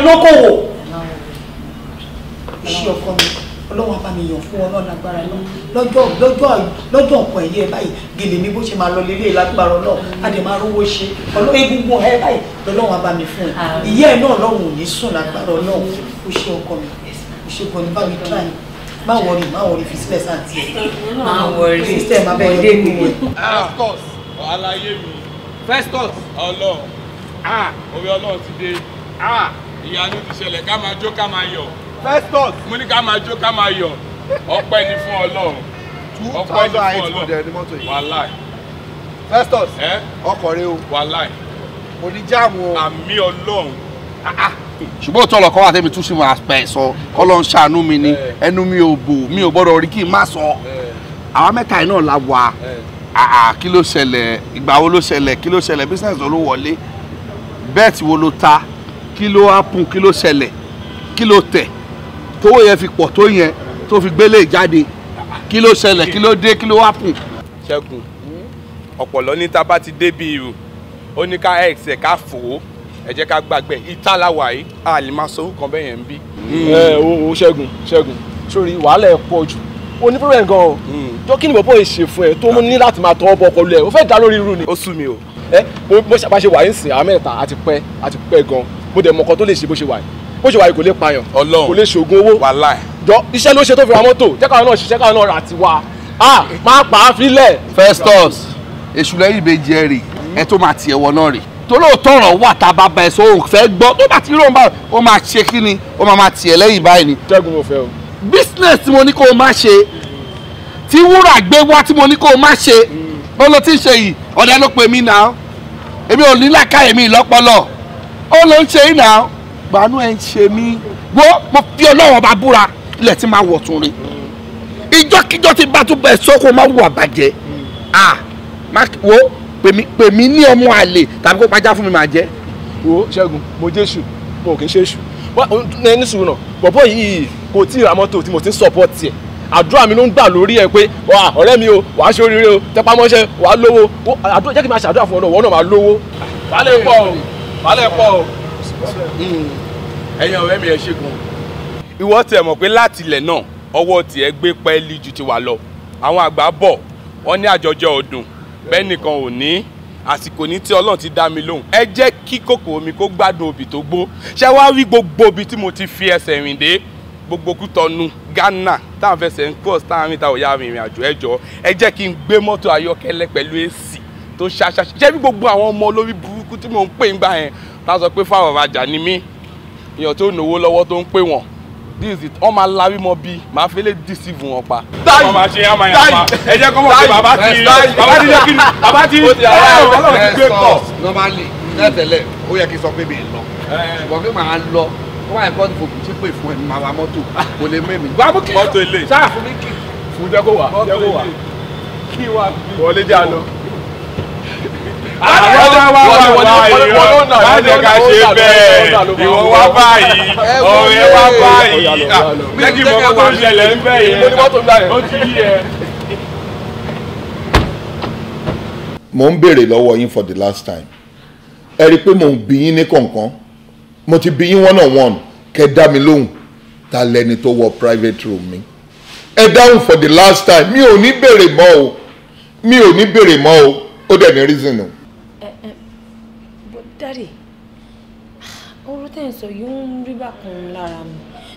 náà kò dá ọlọ́run abàmìyàn fún ọlọ́run agbára náà lọ́jọ́ lọ́jọ́ lọ́jọ́ ọ̀pọ̀ ẹ̀yẹ báyìí gèlè mi bó ṣe máa lọ lélẹ̀ lágbára ọlọ́run adé máa rówó ṣe ọlọ́run egungun ẹ báyìí lọ́lọ́run abàmì fún ẹ ìyá ẹ náà lọ́run ò ní sùn lágbára ọlọ́run ó ṣe ọkọ mi ó ṣe kọ́ni bá mi tíra yìí má wọrí má wọrí fi sílẹ̀ sáàtì má wọrí sísẹ̀ má bẹ́ẹ̀ dé mi. of course àlàyé mi first thought ọlọ́run ah orí ọlọ́run ti dé ah ìyanu ti ṣẹlẹ̀ ká máa jó ká máa yọ̀ Festus. mo ní ká máa jó ká máa yọ̀ ọpẹ́ ni fún Ọlọ́run ọpẹ́ ni fún Ọlọ́run wàláì. Festus ọkọ̀ rẹ o wàláì. mo ní jáàmù o. àmì Ọlọ́run ah, ah. ṣùgbọ́n òtún ọ̀lọ́kọ́ wà tẹ́mi tún ṣe máa pẹ́ sọ Ọlọ́run ṣàánú mi ni ẹnu mi ò bò mi ò gbọ́dọ̀ rí kí n má sọ àwọn mẹ́ta yìí náà la wà ah, kí ló ṣẹlẹ̀ ìgbà wo ló ṣẹlẹ̀ kí ló ṣẹlẹ̀ business ló wọlé bẹ́ẹ̀tì wo ló ta kí ló hápùn kí ló ṣẹlẹ̀ kí ló tẹ̀ tówó yẹn fi pọ̀ tó yẹn tó fi gbélé jáde kí ló ṣẹlẹ̀ kí ló dé kí ló wá pùn. ṣẹ́gun ọ̀pọ̀lọ́ ní tá a bá ti dé bí irú ó ní ká ẹ̀ ṣẹ̀ ká fò ó ẹ jẹ́ ká gbàgbé ìta làwà yìí a lè máa sọ orúkọ bẹ́ẹ̀ yẹn ń bí. Hmm. ẹ o o ṣẹ́gun ṣẹ́gun sórí wàhálà ẹ̀ pọ̀ jù o ní pẹ́rẹ́ gan o hmm. jọ kí ni bọ́bọ́ yìí ṣe fún ẹ tó mú ní láti máa tọwọ́ bọ ọkọ lẹ̀ o fẹ́ dá lórí irú ni. ó sú mi o. ẹ mo ṣàbáṣe wàyí ń sìn àmẹ́ta àti pẹ́ àti pẹ́ gan mo dẹ̀ mọ̀kàn tó lè ṣe bó ṣe wàyí bó ṣe wà yìí kò lè payàn kò lè ṣoògùn owó jọ iṣẹ́ ló ṣe tó fi wa mọ́tò jẹ́ káwọn náà ṣiṣẹ́ káwọn náà rà tiwa ah máa pa á filẹ̀. Festus èṣù lẹ́yìn ìbejì ẹ̀ rè ẹ tó máa tiẹ̀ wọ náà rè tolóòtọ́ ọ̀rọ̀ wà tá a bá bá ẹ sọ ò fẹ́ gbọ́ tó bá ti rí òun bá ó máa ṣe kí ni ó máa máa tiẹ̀ lẹ́yìn báyìí jẹ́gun mo fẹ́ o. business tí mo ní kó o má ṣe tí wúrà gbé wá tí mo ní kó o má ṣe bó ló ti ń ṣe yìí ọ̀dà ló pè mí náà èmi ò ní làkàyèmí lọ́pọlọ ó ló ń ṣe yìí náà gbanú ẹ̀ ń ṣe mí wo mo fi ọlọ́wọ́n bá búra ilẹ̀ tí máa wọ̀ tún rí ìjọ́kíjọ́ ti bá tún bẹ̀ sọ́kò máa wù àbàjẹ́ ah má wo pè mí ní ọmọ àlè tàbí kó pàjá fún mi máa jẹ́. wo ṣẹ́gun mo jésù mo kì í ṣe èṣù ní sùúrù náà bọ̀bọ̀ yìí kò tí ì ra mọ́tò tí mo ti ń sọ́pọ́ọ̀tì ẹ̀ àdúrà mi ló ń gbà lórí ẹ pé wà ọ̀rẹ́ mi o wà á ṣe oríire o tẹpá mọ́ṣẹ́ wà á lówó àdúrà jẹ́ kí n máa ṣàdúrà fún ọ náà wọ́n náà máa lówó. wàá pọ̀ o pọ̀ o ẹ̀yin ọ̀rẹ́ mi ẹ ṣe gan. ìwọ tiẹ̀ mọ̀ pé láti ilẹ̀ náà ọwọ́ tiẹ̀ gbé pẹ́ẹ́lí ju tiwa lọ àwọn àgbà bọ̀ wọ́n ní àjọjẹ ọdún bẹ́ẹ̀ nìkan ò ní àsìkò ní tí ọlọ́run ti dá mi lóhùn ẹ jẹ́ kí kòkòrò mi kó gbádùn obì tó gbó ṣé wàá rí gbogbo ibi tí mo ti fi ẹsẹ̀ rìn dé gbogbo kútọ́nu Ghana tá à ń fẹsẹ̀ ń cross tá à rìnrìn àjò ẹ ẹ jẹ́ kí n gbé mọ́tò ayọ́kẹ́lẹ́ pẹ̀lú èsì tó ṣaṣaṣa ṣé gbogbo àwọn ọmọ olórí burúkú tí mò ń pè ń gbà yẹn tá sọ pé fáwọn ọ̀rajà ni mí èèyàn tó nówó lọ́wọ́ tó ń pè wọ́n this is ọmọ alárí mọ bí màá fi lè deceive wọn pa. táyì táyì táyì ẹ jẹ́ kọ́ mọ̀ pé bàbá ti bàbá ti lé kiri bàbá ti ẹ ọlọ́run ti gbé kọ́. normally tẹ́tẹ̀lẹ̀ ó yẹ kí n sọ pé mi ì lọ eh. ṣùgbọ́n pé màá lọ kó máa kọ́ fòkù tí pè fún ẹ máa ra mọ́tò kò lè mú èmi. wàá mú kí mọ́tò ilé sáà fún mi kì. fún jẹ́ kó wà jẹ́ kó wà kí wà. wọlé jẹ́ àná láti ká ṣe bẹ́ẹ̀ ìwọ wá báyìí ọ̀rẹ́ wá báyìí jẹ́ kí mọ́tò tó ń ṣẹlẹ̀ yẹn ó ti yí ẹ. mo ń béèrè lọ́wọ́ yín for the last time ẹ rí i pé mo ń bi yín ní kọ̀ọ̀kan mo ti bi yín one on one kẹ́ dá mi lóhùn ta lẹni tó wọ private room mi ẹ dáhùn for the last time mi ò ní béèrè mọ́ o mi ò ní béèrè mọ́ o ó dẹ̀ ní reason o. No dáàdì ọ̀rọ̀ tẹ̀ ń sọ yìí ń rí bákan lára mi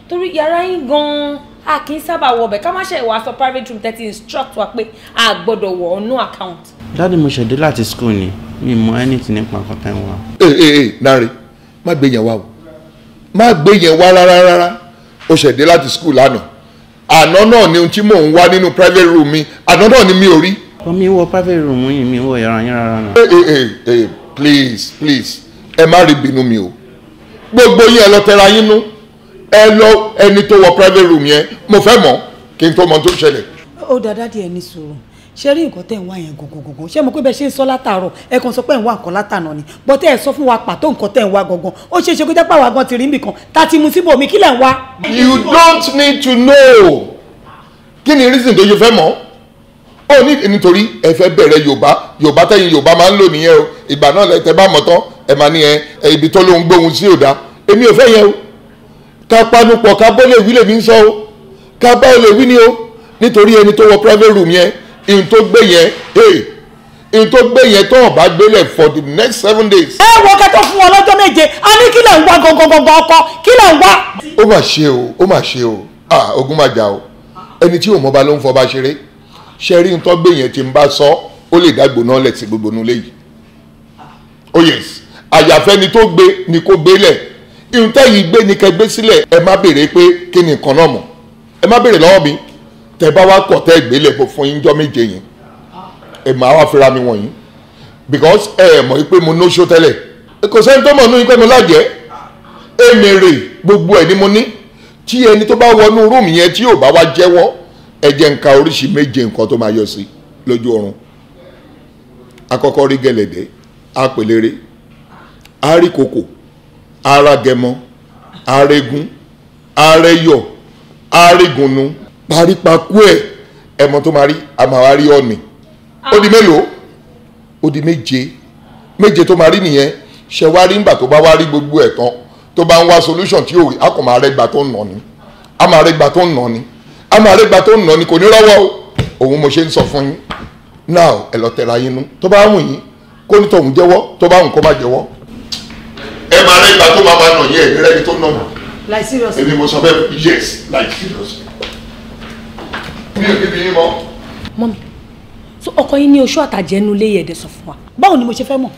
torí yàrá yín gan-an a kì í sábà wọ ọbẹ̀ ká má ṣe ìwà sọ private room tẹ́tí instruct wa pé a gbọ́dọ̀ wọ̀ ọ́ account. dáàdì mo ṣẹ̀dé láti school ni mi mọ anything nípa nǹkan tẹ́ ń wá. ee nari má gbé yẹn wá o má gbé yẹn wá rárá rárá o ṣẹ̀dé láti school lánàá àná náà ni tí mò ń wá nínú private room mi àná náà ni mi ò rí. ọmọ wọ private room yìí mi wọ yàrá yín rárá náà. ee ee ee please please ẹ má rí bínú mi o gbogbo yín ẹ lọ tẹra yín nú ẹ lọ ẹni tó wọ private room yẹn mo fẹ́ mọ̀ kí n tó mọ̀ tó ṣẹlẹ̀. ó dáadáa díẹ̀ ní sùúrù ṣe rí nǹkan tẹ́ ń wá yẹn gògògògò ṣé mo pé bẹ́ẹ̀ ṣe ń sọ látàárọ̀ ẹ kàn sọ pé ń wá nǹkan látànà ni bọ́ ẹ sọ fún wa pàtó nǹkan tẹ́ ń wá gangan ó ṣeé ṣe kó jẹ́ pé àwa ti rí nbìkan ta ti mu síbò mi kí lẹ̀ ń wá. you don't need to know kí ni reason tó ṣe fẹ́ mọ̀ ó ní nítorí ẹ fẹ́ bẹ̀rẹ̀ yorùbá yorùbá tẹ́yìn yorùbá máa ń lò nìyẹn o ìgbà náà lẹ́tẹ̀ bá mọ̀tán ẹ̀ máa ní ẹ ibi tó lóun gbóhun sí òdá èmi ò fẹ́ yẹn o ká panupọ̀ ká bọ́ lè wí lèmi ń sọ o ká bá o lè wí ni o nítorí ẹni tó wọ private room yẹn ìhun tó gbé yẹn hey ìhun tó gbé yẹn tó ọ̀bá gbélẹ̀ for the next seven days. ẹ wo kẹtọ fún wọn lọ́jọ́ méje a ní kí lè ń wá gangan ọkọ kí lè ń wá. ó mà ṣe o ó mà ṣe o ah ogun mà jà o ẹni tí òun mọba ló ń fọba ṣeré ṣe rí nǹkan gbé yẹn tí ń bá sọ ó lè dá gbóná lẹ̀ sí gbogbo nulẹ̀ yìí oh yes àyàfẹ́ ni tó gbé ni kò gbé lẹ̀ irun tẹ́yìí gbé ni kẹ́ gbé sílẹ̀ ẹ má béèrè pé kí ni nǹkan náà mọ̀ ẹ má béèrè lọ́wọ́ mi tẹ́ bá wá kọ̀ tẹ́ gbélé bò fún yín jọ́ méje yẹn ẹ máa wá fira mi wọ̀nyí because ẹ ẹ mọ̀ pé mo nóṣó tẹ́lẹ̀ kò sẹ́ni tó mọ̀ nínú pé mo lájẹ́ èmèrè gbogbo ẹ̀ ni mo ní tí ẹni tó bá wọnú rúùmù yẹn tí yóò bá wá jẹ́wọ́ ẹ jẹ́ ń ka oríṣi méje nǹkan tó máa yọ sí lójú oorun àkọ́kọ́ rí gẹ̀lẹ̀dẹ́ apèlére àríkòkò aragẹmọ aregun arẹyọ aregunu parípaku ẹ ẹmọ tó máa rí àmàwárí ọ̀nì ó di mélòó ó di méje méje tó máa rí nìyẹn ṣe wá rí nígbà tó bá wá rí gbogbo ẹ̀ tán tó bá ń wá solution tí yóò rí a kò máa rẹ́gbà tó ń nà ni a máa rẹ́gbà tó ń nà ni a máa rẹ́gbà tó ń nà ni kò ní rọ́wọ́ òun mo ṣe ń sọ fún yín now ẹ lọ tẹ̀ra yín nú tó bá wù yín kó ní tọ̀hún jẹ́wọ́ tó bá nǹkan má jẹ́wọ́ ẹ máa rẹ ìgbà tó máa máa nà yẹ ẹ̀mí rẹ́ni tó nà mọ́ èmi mo sọ bẹ́ẹ̀ yes like serious mi ò níbi yín mọ́. mọ́mi so ọkọ yín ní oṣù àtàjẹ́ nu lé yẹ̀dẹ̀ sọ fún wa báwo ni mo ṣe fẹ́ mọ̀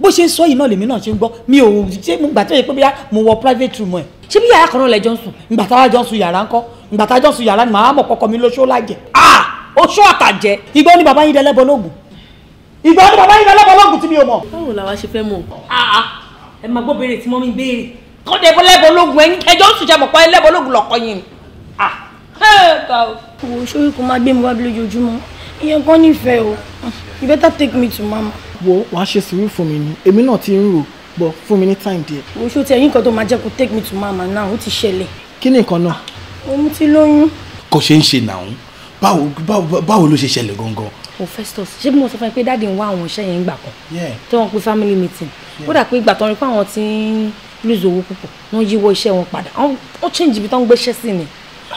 bó ṣe ń sọ yìí náà lèmi náà ṣe ń gbọ́ mi ò ṣe mo gbà tó yẹ pé bí mo wọ private room ẹ̀ ṣé bí yàrá kan náà lẹ jọ ń sùn ìgbà táwa jọ ń sùn yàrá ńkọ́ ìgbà táwa jọ ń sùn yàrá ni màá mọ̀ kọ́kọ́ mi lóṣó lájẹ̀ ah oṣù àtàjẹ́ ìgbọ́ ni bàbá yín dẹ́lẹ́bọ lóògùn ìgbà ọdún bàbá yìí lọ lọ́bọ̀ ológun tí mi ò mọ̀. báwo làwa ṣe fẹ́ mọ̀. Ah, ah. ẹ máa gbọ́ béèrè tí mọ́ mi béèrè kọ́dà ẹbọ lẹ́bọ̀ ológun ẹ̀yìn ẹjọ́ ń sùjẹ́ mọ̀pọ̀ ẹlẹ́bọ̀ ológun lọ́kọ́ yìí ni. wo sórí kò máa gbé mi wá bí lójoojúmọ́ ìyẹn kan nífẹ̀ẹ́ o you better take me to mama. wo wàá ṣe sùúrù fún mi ni èmi náà ti ń rò bọ fún mi ní time díẹ̀. wo ṣó ti ẹ̀yìn kan tó máa jẹ́ kó take me to mama náà ó ti ṣẹlẹ̀. kí ni nǹkan náà. òun ti lóyún. kò ṣe ń ṣe nàún báwo báwo ló ṣe ṣẹlẹ̀ gangan o Festus ṣé bí mo sọ fún ẹ pé dáàdi ń wá àwọn iṣẹ́ yẹn ń gbà kan tí wọ́n pe family meeting ó dà pé ìgbà tó ń rí pé àwọn ti ń lose owó púpọ̀ wọ́n yíwọ́ iṣẹ́ wọn padà wọ́n change ibi tó ń gbéṣẹ́ sí ni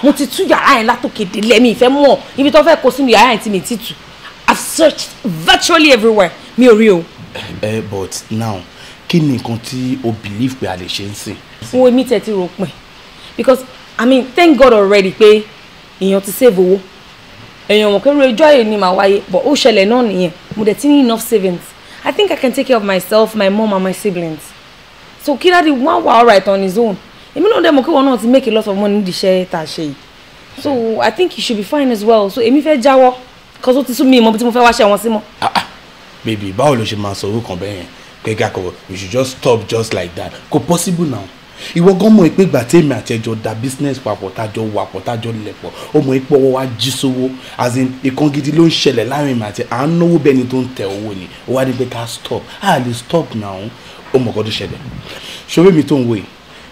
mo ti tú yàrá yẹn látòkè délẹ̀ ìfẹ́ mọ̀ ibi tó fẹ́ kó sínú yàrá yẹn ti mi ti tù I've searched virtually everywhere mi ò rí o. Eh, eh, but now kí ni nǹkan tí o believe pé a lè ṣe ń sìn. wo èmi tẹ̀ ti rò pin because I mean thank God already pé èèyàn ti save owó èèyàn mọ̀ pé irú ẹjọ́ yìí ni màá wáyé but ó ṣẹlẹ̀ náà nìyẹn mo dẹ̀ ti ní enough savings I think I can take care of myself my mom and my siblings so kí dáadé wọn wà alright on his own èmi náà dẹ̀ mọ̀ pé wọn náà ti make a lot of money nídìí iṣẹ́ tá a ṣe yìí so I think he should be fine as well so èmi fẹ́ jáwọ́ cause ó ti sún mi ìmọ̀ bí tí mo fẹ́ wá ṣe wọn sí mọ́. Ah, ah, baby báwo ló ṣe máa sọ owó bẹ́ẹ̀ yẹn gẹ́gẹ́ akọ̀wé you should just stop just like that kò possible now ìwọ gan mọ̀ pé ìgbà tí èmi àti ẹjọ́ da business papọ̀ tájọ wàpọ̀ tájọ lẹ̀pọ̀ ó mọ̀ pé ọwọ́ wa jí sówó as in ìkan gidi ló ń ṣẹlẹ̀ láàrin èmi àti à ń náwó bẹ́ẹ̀ ni tó ń tẹ owó ni ó wá ní pé ká stop a lè stop now ó mọ̀ kọ́dún ṣẹlẹ̀ ṣòwò mi tó ń wò yìí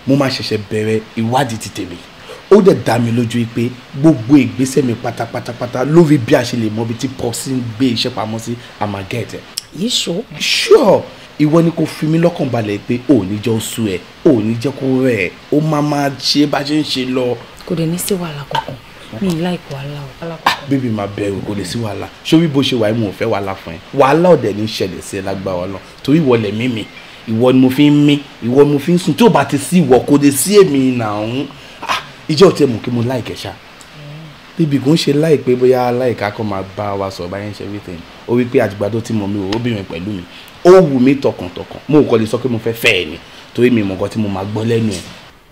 mo máa ṣẹ̀ṣẹ̀ bẹ̀rẹ̀ ìwádìí ti tèmi ó dẹ̀ dá mi lójú pé gbogbo ìgbésẹ̀ mi pátápátápátá lórí bí a ṣe lè mọ ibi tí pọ́sí ń gbé iṣẹ́ pamọ́ sí àmàgẹ́ẹ̀tẹ̀. yìí ṣó. sure ìwọ ni kò fi mí lọ́kàn balẹ̀ pé ò ní jẹ́ oṣù ẹ̀ ò ní jẹ́ kó rẹ̀ ẹ̀ ó máa máa ṣe bá ṣe ń ṣe lọ. kò dé ní sí wàhálà kankan mi ì láì wàhálà o. bébì máa bẹ̀rù kò lè sí wàhálà sórí bó ṣe wà ẹ́ mo ò fẹ́ wàhálà fún ẹ wàhálà ọ̀dẹ̀ ní ṣẹlẹ̀ sí ẹ lágbára Ọlọ́run torí ìwọ lẹ̀ mí mi ìwọ ni mo fi ń mí ìwọ ni mo fi ń sùn tí ò bá ti sí ìwọ kò dé sí èmi nàún ah, ìjọ ò tẹ mọ̀ kí mo láìkẹ́ ṣá bébì kò ń ṣe láìpẹ́ bóyá láìka kọ́ máa bá wa sọ̀rọ̀ báyẹn ṣe everything ó wí pé àtìgbà tó ti mọ̀ mi ò ó bìnrin pẹ̀lú mi ó wù mí tọkàntọkàn mo kò lè sọ pé mo fẹ́ fẹ́ ẹ ni torí mi mọ̀ nǹkan tí mo máa gbọ́ lẹ́nu ẹ̀.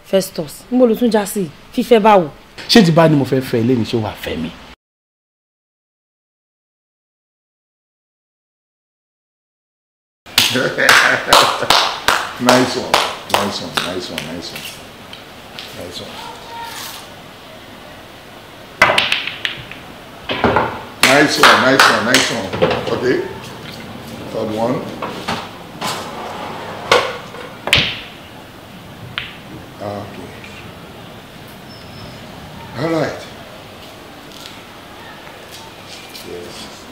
Festus níbo ló tún já sí fífẹ́ báwo. ṣé ti bá ní mo fẹ́ fẹ́ ẹ lẹ́ni ṣé wàá fẹ́ mi. nice one nice one nice one nice one nice one. Nice one, nice one, nice one. Okay. Third one. Okay. All right. Yes.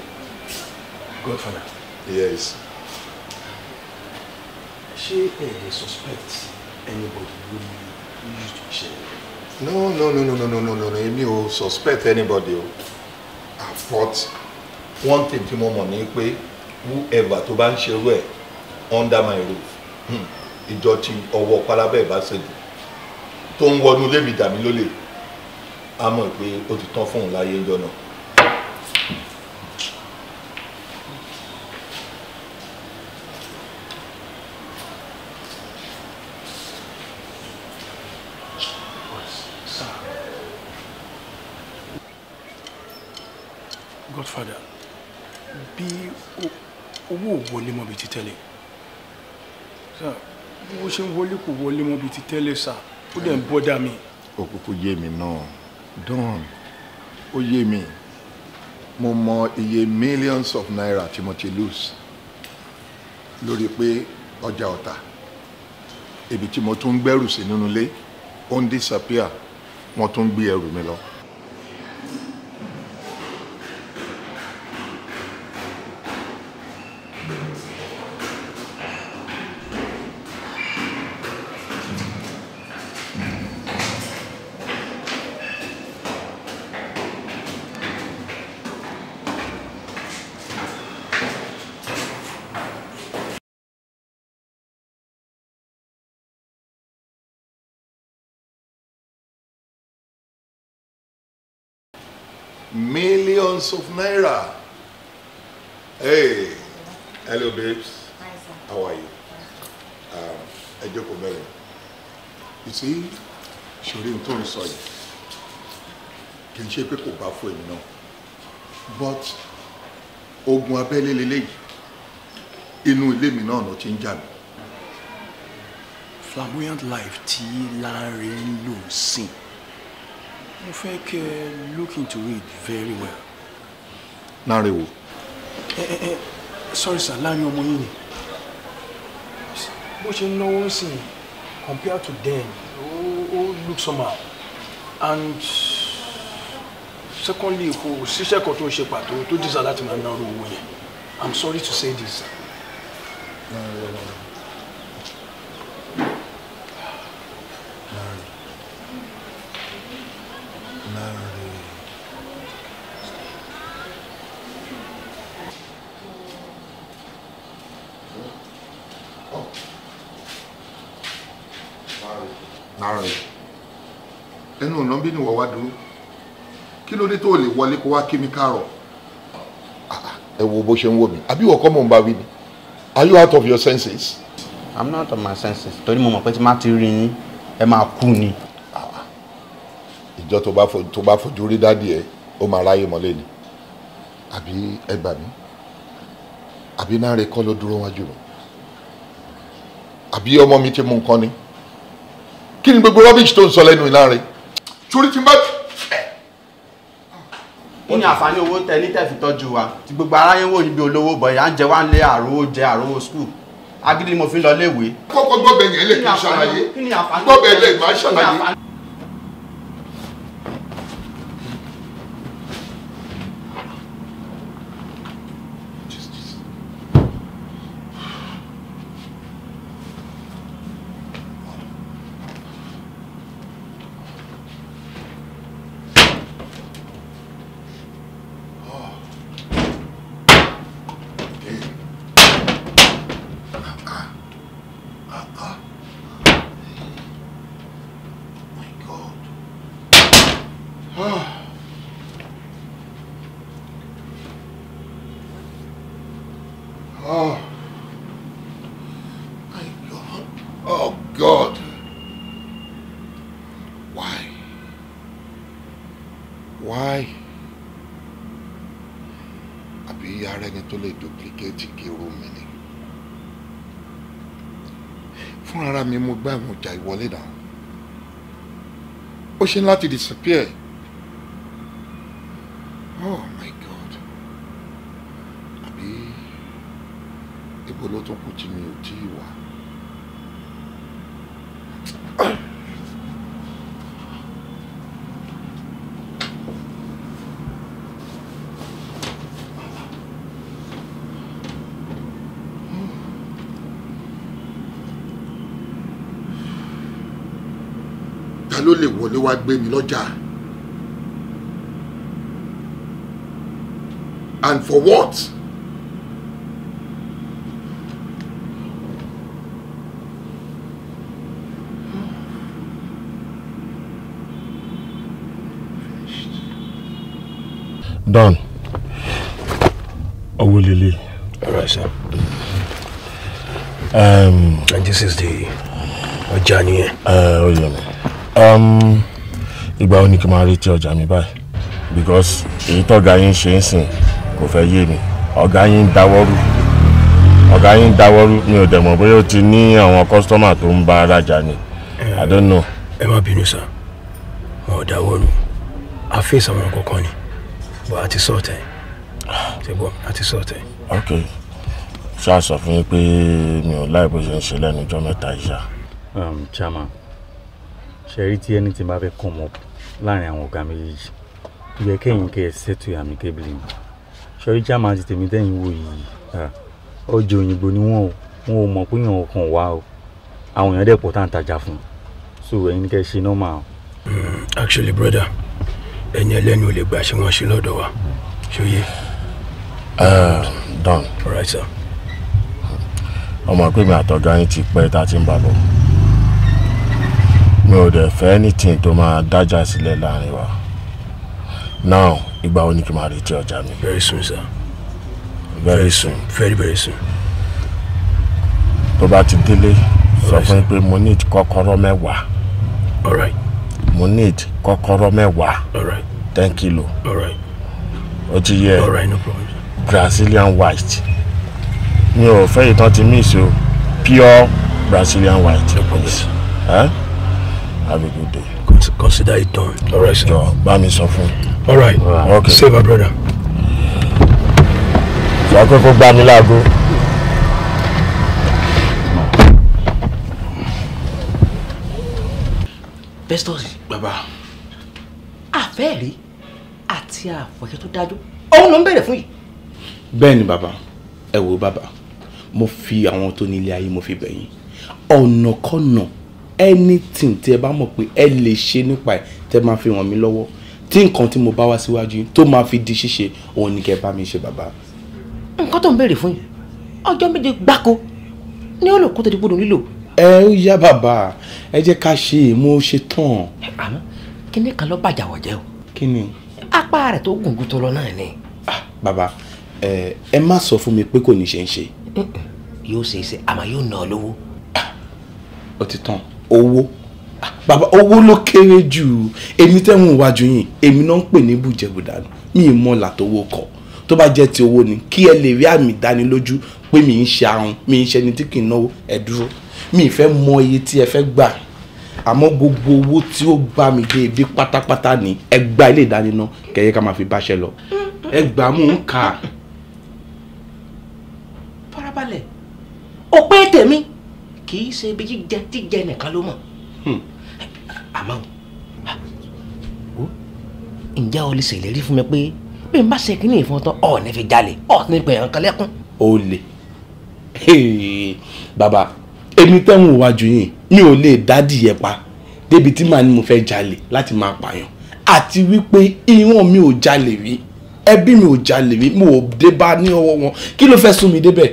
Good for Godfather. Yes. She uh, suspects anybody who used to share. No, no, no, no, no, no, no, no, no, èmi ò suspect anybody I thought one thing tí mo mọ̀ ní whoever tó bá ń ṣerú ẹ̀ under my roof hmm. ìjọ tí ọwọ́ pálábẹ́ ìbáṣẹ́jù tó ń wọnú lébi dàmí lólè a mọ̀ pé ó ti tán fóun láyé ńjọ náà. kò wọlé mọ́ bíi ti tẹ́lẹ̀ sà ó dẹ̀ ń bọ́dà mi. ó kúkú yé mi náà don ó yé mi mo mọ iye millions of naira tí mo ti lose lórí pé ọjà ọ̀tà ibi tí mo tún gbẹ́rù sí nínú ilé ó ń disappear wọ́n tún gbé ẹrù mi lọ. millions of naira. Hey, hello babes. How are you? Um, ẹ jókòó bẹ̀rẹ̀. You see, ṣòrí n tó ń you, yìí, kì í up pé kò bá But ogun abẹ́lé leléyìí, inú ilé mi náà ló ti ń jà mí. Flamboyant life tí Láńre ń lò sí. Mo fẹ́ kẹ́ look into it very well láàrin wo. ẹ ẹ sorry sir láàrin ọmọ yìí ni bó ṣe ń náwó ń sìn compared to them ó look somehow and secondly kò ṣiṣẹ́ kan tó ń ṣe pàtó tó dísà láti máa ná owó yẹn i'm sorry to say this. No, no, no. inú ọ̀nà bí ni wọ́n wá dúró kí ló dé tó lè wọlé kó wá kí mi káàrọ̀. Ah, ẹ wo bó ṣe ń wò mí àbí wọ́n kọ́ mò ń bá wí ni are you out of your senses. i'm not out of my senses torí mo mọ̀ pé tí má ti rí yín ẹ máa kú ni. Ah, ah. ìjọ tó bá fojú rí dádì ẹ ó máa ráyè mọ́lẹ̀ ni àbí ẹ gbà mí àbí náà rẹ kọ́ ló dúró wájú mi àbí ọmọ mi ti mú nǹkan ni kí ni gbogbo rubbish tó ń sọ lẹ́nu ìlànà rẹ̀ torí ti bá ní àǹfààní owó tẹ ní tẹ̀fì tọ́jú wa tí gbogbo aráyé wò níbi olówó bọ̀yà ń jẹ wá ń lé àrówó jẹ àrówó skul agídí mo fi ń lọ léèwé. kọ́kọ́ gbọ́bẹ̀ yẹn lè kí n ṣàlàyé gbọ́bẹ̀ lè má ṣàlàyé. tó lè duplicate gírò mi ni fúnra mi mo gbá àwọn ìwọlé náà ó ṣe láti disappear oh my god àbí ibo ló tún kù tí mi ò tí ì wà. wọlé wá gbé mi lọ́jà and for what? Don. Owolele. All right, sir. Um, and this is the Ajani. Uh, Oyemi. Um, ìgbà wo ni kí n máa retí ọjà mi báyìí because èyí tọ́ga yín ṣe ń sìn kò fẹ́ yé mi ọ̀gá yín ń dáwọ́rú ọ̀gá yín ń dáwọ́rú mi ò dẹ̀ mọ̀ bóyá ó ti ní àwọn kọ́sítọ́mà tó ń bá arájà ni eh, i don't know. ẹ má bínú sá wọn ò dáwọ́rú a fèsì àwọn kankan ni bọ́ a ti sọ̀tẹ̀ ṣe bọ́ a ti sọ̀tẹ̀. ok ṣáà sọ fún yín pé mi ò láì bó ṣe ń ṣe lẹ́nu ọjọ́ mẹ́ta yìí ṣá. Um, chairman ṣẹ̀rí ẹni tí n bá fẹ́ come up láàrin àwọn ọ̀gá méjèèjì tó yẹ kẹ́yìn kẹ́ ẹ settle amicably ni ṣẹ̀rí chairman ti tèmi tẹ́yìn wò yìí ọjọ́ òyìnbó ni wọ́n wọ́n mọ̀ pé èèyàn kan wá o àwọn èèyàn dẹ̀ tá à ń tajà fún so ẹ̀yin kẹ́ ẹ ṣe normal. Hmm, actually brother ẹni ẹlẹ́ni ò lè gbà ṣe wọ́n ṣe lọ́dọ̀ wa ṣòye. Ah, don. all right sir. ọmọ pé mi àtọ̀gá yín ti pẹ́ tá a ti ń bá lọ mi ò dẹ̀ fẹ́ anything tó máa dájà sílẹ̀ láàrin wa now ìgbà wo ni kí n máa retí ọjà mi. very soon sir. very, very soon. very very soon. tó bá ti délé sọ fún mi pé mo need kọ́kọ́rọ́ mẹ́wàá. all right. mo need kọ́kọ́rọ́ mẹ́wàá. all right. ten kilo. all right. ó ti yẹ. all right no problem. brazilian white mi ò fẹ́ ìtàn ti mí so pure brazilian white. no problem. Eh? Have a good day. consider it done. All right, sir. Buy me some food. All right. All right. Okay. Save our brother. Sọ pé for gbá mi láago. Festus. Baba. Àfẹ́ẹ̀rí àti àfọ̀yẹ́ tó dájú. Òun ló ń bẹ̀rẹ̀ fún yìí. Bẹ́ẹ̀ni bàbá, Baba. wo bàbá, mo fi àwọn tó ní ilé ayé mo fi bẹ̀yìn. Ọ̀nàkọ́nà anything tí ẹ bá mọ̀ pé ẹ lè ṣe nípa ẹ̀ tẹ́ máa fi ràn mí lọ́wọ́ tí nǹkan tí mo bá wá síwájú tó máa fi di ṣíṣe òun ni kẹ́ ẹ bá mi ṣe bàbá. nǹkan tó ń béèrè fún yìí ọjọ́ méje gbáko ni ó lò kó tó di gbọdọ̀ nílò. ẹ ó yá bàbá ẹ jẹ́ ká ṣe é mo ṣe tán. àmọ́ kíní kan ló bàjá wọ̀ jẹ́ o. kí ni. apá rẹ̀ tó gùngùn tó lọ náà ni. Ah, bàbá ẹ má sọ fún mi pé kò ní ṣe ń ṣe. yóò ṣe é ṣe àmọ́ yóò ná ọ lówó. Ah, ó ti tán owó bàbá owó ló kéré jù èmi tẹ́wọ̀n iwájú yìí èmi náà ń pè ní bùjẹ̀bùdànù mi ì mọ làtọwọ́ kọ tó bá jẹ́ ti owó ni kí ẹ lè rí àmì ìdánilójú pé mi ń ṣe ahun mi ń ṣe ẹni tí kì í náwó ẹ dúró mi ì fẹ́ mọ iye tí ẹ fẹ́ gbà àmọ́ gbogbo owó tí ó bá mi dé ibi pátápátá ni ẹ gba ilé ìdániná kẹyẹ ká máa fi báṣẹ lọ ẹ gbà mú un kà. farabalẹ̀ òpin tèmi kì í ṣe ibi jíjẹ tíjẹ nìkan ló mọ̀ hmm. àmọ́ o ǹjẹ́ o lè ṣèlérí fún mi pé bí n bá ṣe kí ní ìfún tán ọ̀ ní fi jalè ọ̀ ní pè ẹ̀ràn kan lẹ́kún. o lè bàbá èmi tẹ́wọ̀n wájú yìí mi ò lè dádìyẹ pa débi tí màá ní mo fẹ́ jalè láti máa pààyàn àti wípé ìwọ̀n mi ò jalè rí ẹbí mi ò jalè rí mo ò dé bá ní ọwọ́ wọn kí ló fẹ́ sún mi débẹ̀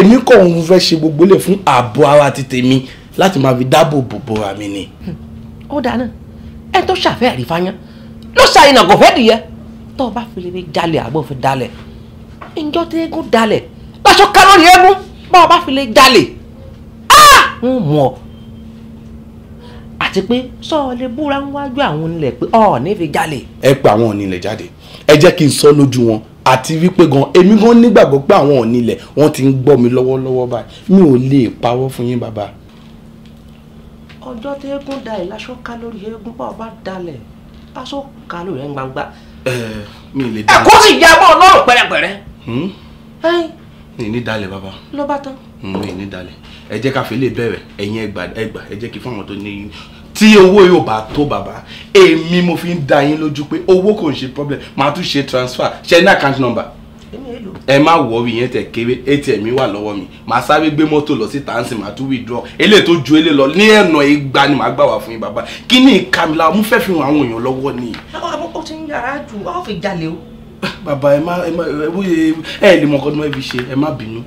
èmi kọ̀ òun fẹ́ ṣe gbogbo lè fún ààbò ara ti tèmi láti máa fi dáàbò bò bora mi ni. Hmm. ó dáná ẹ tó ṣàfẹ́ àrífáyán ló ṣàyìnà kò fẹ́ dìyẹ tó o bá fi lè jalè àbò fi dalẹ̀ ǹjọ́ tí eégún dalẹ̀ báṣọ kálórì eégún bá o bá fi lè jalè ń mú ọ àti pé sọ́ọ́ lè búra ń wájú àwọn onílẹ̀ pé ọ̀ọ́ni fi jalè. ẹ pa àwọn onílẹ̀ jáde ẹ jẹ́ kí n sọ lójú wọn àti wípé gan emi gan nígbàgbọ́ pé àwọn òní ilẹ̀ wọ́n ti ń gbọ́ mi lọ́wọ́lọ́wọ́ báyìí mi ò lè pawọ́ fún yín bàbá. ọjọ́ tí eégún da ìlaṣọ ká lórí eégún bá ọba dalẹ̀ aṣọ ká lórí ẹ̀ ń gbangba. ẹ mi ò lè dalẹ̀. ẹ̀kọ́ sì já bọ́ ọlọ́run pẹ̀rẹ̀pẹ̀rẹ̀. Hmm? mi ò ní dalẹ̀ bàbá. ló bá tán. Hmm, mi ò ní dalẹ̀ ẹ jẹ́ ká fi lè bẹ̀rẹ̀ ẹ̀yin ẹgbà ẹgbà ẹ jẹ́ kí fún àwọn tó ní tí owó yóò bá tó bàbá èmi mo fi ń da yín lójú pé owó kò ṣe problem màá tún ṣe transfer ṣe ní account number ẹ má wọ ìyẹn tẹ kéré atm mi wà lọ́wọ́ mi màá sáré gbé mọ́tò lọ sí tansi màá tún withdraw eléyìí tó ju eléyìí lọ ní ẹ̀nà igba ni màá gbà wá fún yín bàbá kí ni ìkàmìlà mo fẹ́ fi hàn àwọn èèyàn lọ́wọ́ ni. ó ti ń yàrá jù wọ́n fi jalè o. bàbá ẹ má ẹ má ẹ ẹ lè mọ ọkọ tí wọ́n fi ṣe ẹ má bínú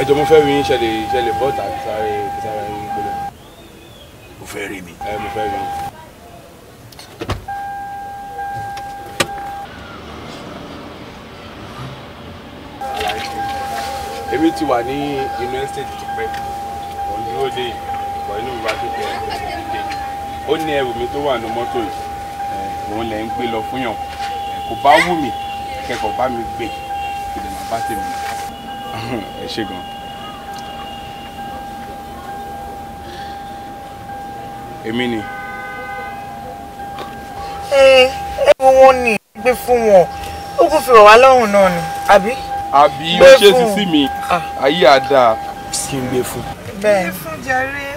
ẹjọ mo fẹ́ rí yín ṣẹlẹ̀ le, bọ́ọ̀tà kìsàrẹ kìsàrẹ yín gbọ́dọ̀. mo fẹ́ rí mi. ẹ mo fẹ́ rí mi. èmi ti wà ní inú ẹ́stéètì tó pẹ́ mo dúró dé ìgbà inú mi bá tó tẹ ẹ̀ dé ó ní ẹrù mi tó wà ní mọ́tò yìí mò ń lẹ̀ ń gbé lọ fún yàn kò bá wù mí kẹ́kọ̀ọ́ bá mi gbé kí lè má bá tèmi ẹ ṣe gan. èmi ni. ẹ ẹ wo wọn ni gbé fún wọn ó kún fi wà wá lọ́rùn náà ni àbí. àbí ó ṣe sí sí mi ah. ayé àdá kí n gbé fún. bẹ́ẹ̀ gbé fún jàre.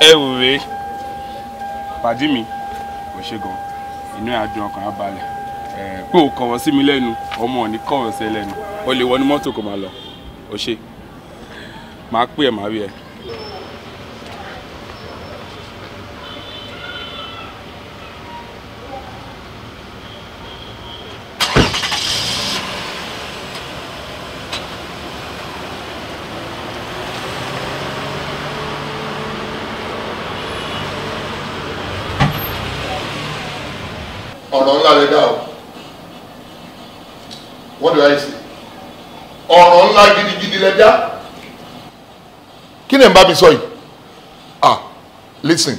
ẹrù rèé pàdí mi kò ṣe gan inú ẹ̀ adùn ọkàn á balẹ̀ pé o kọ̀rọ̀ sí mi lẹ́nu ọmọ ò ní kọ̀rọ̀ sí ẹ lẹ́nu o lè wọnú mọ́tò kó máa lọ o ṣe máa pè ẹ̀ máa rí ẹ. agbára rẹ̀ ga o what do I say ọ̀ràn ńlá gidigidi lẹ́jà kí ni ẹ̀ ń bá mi sọ yìí ah listen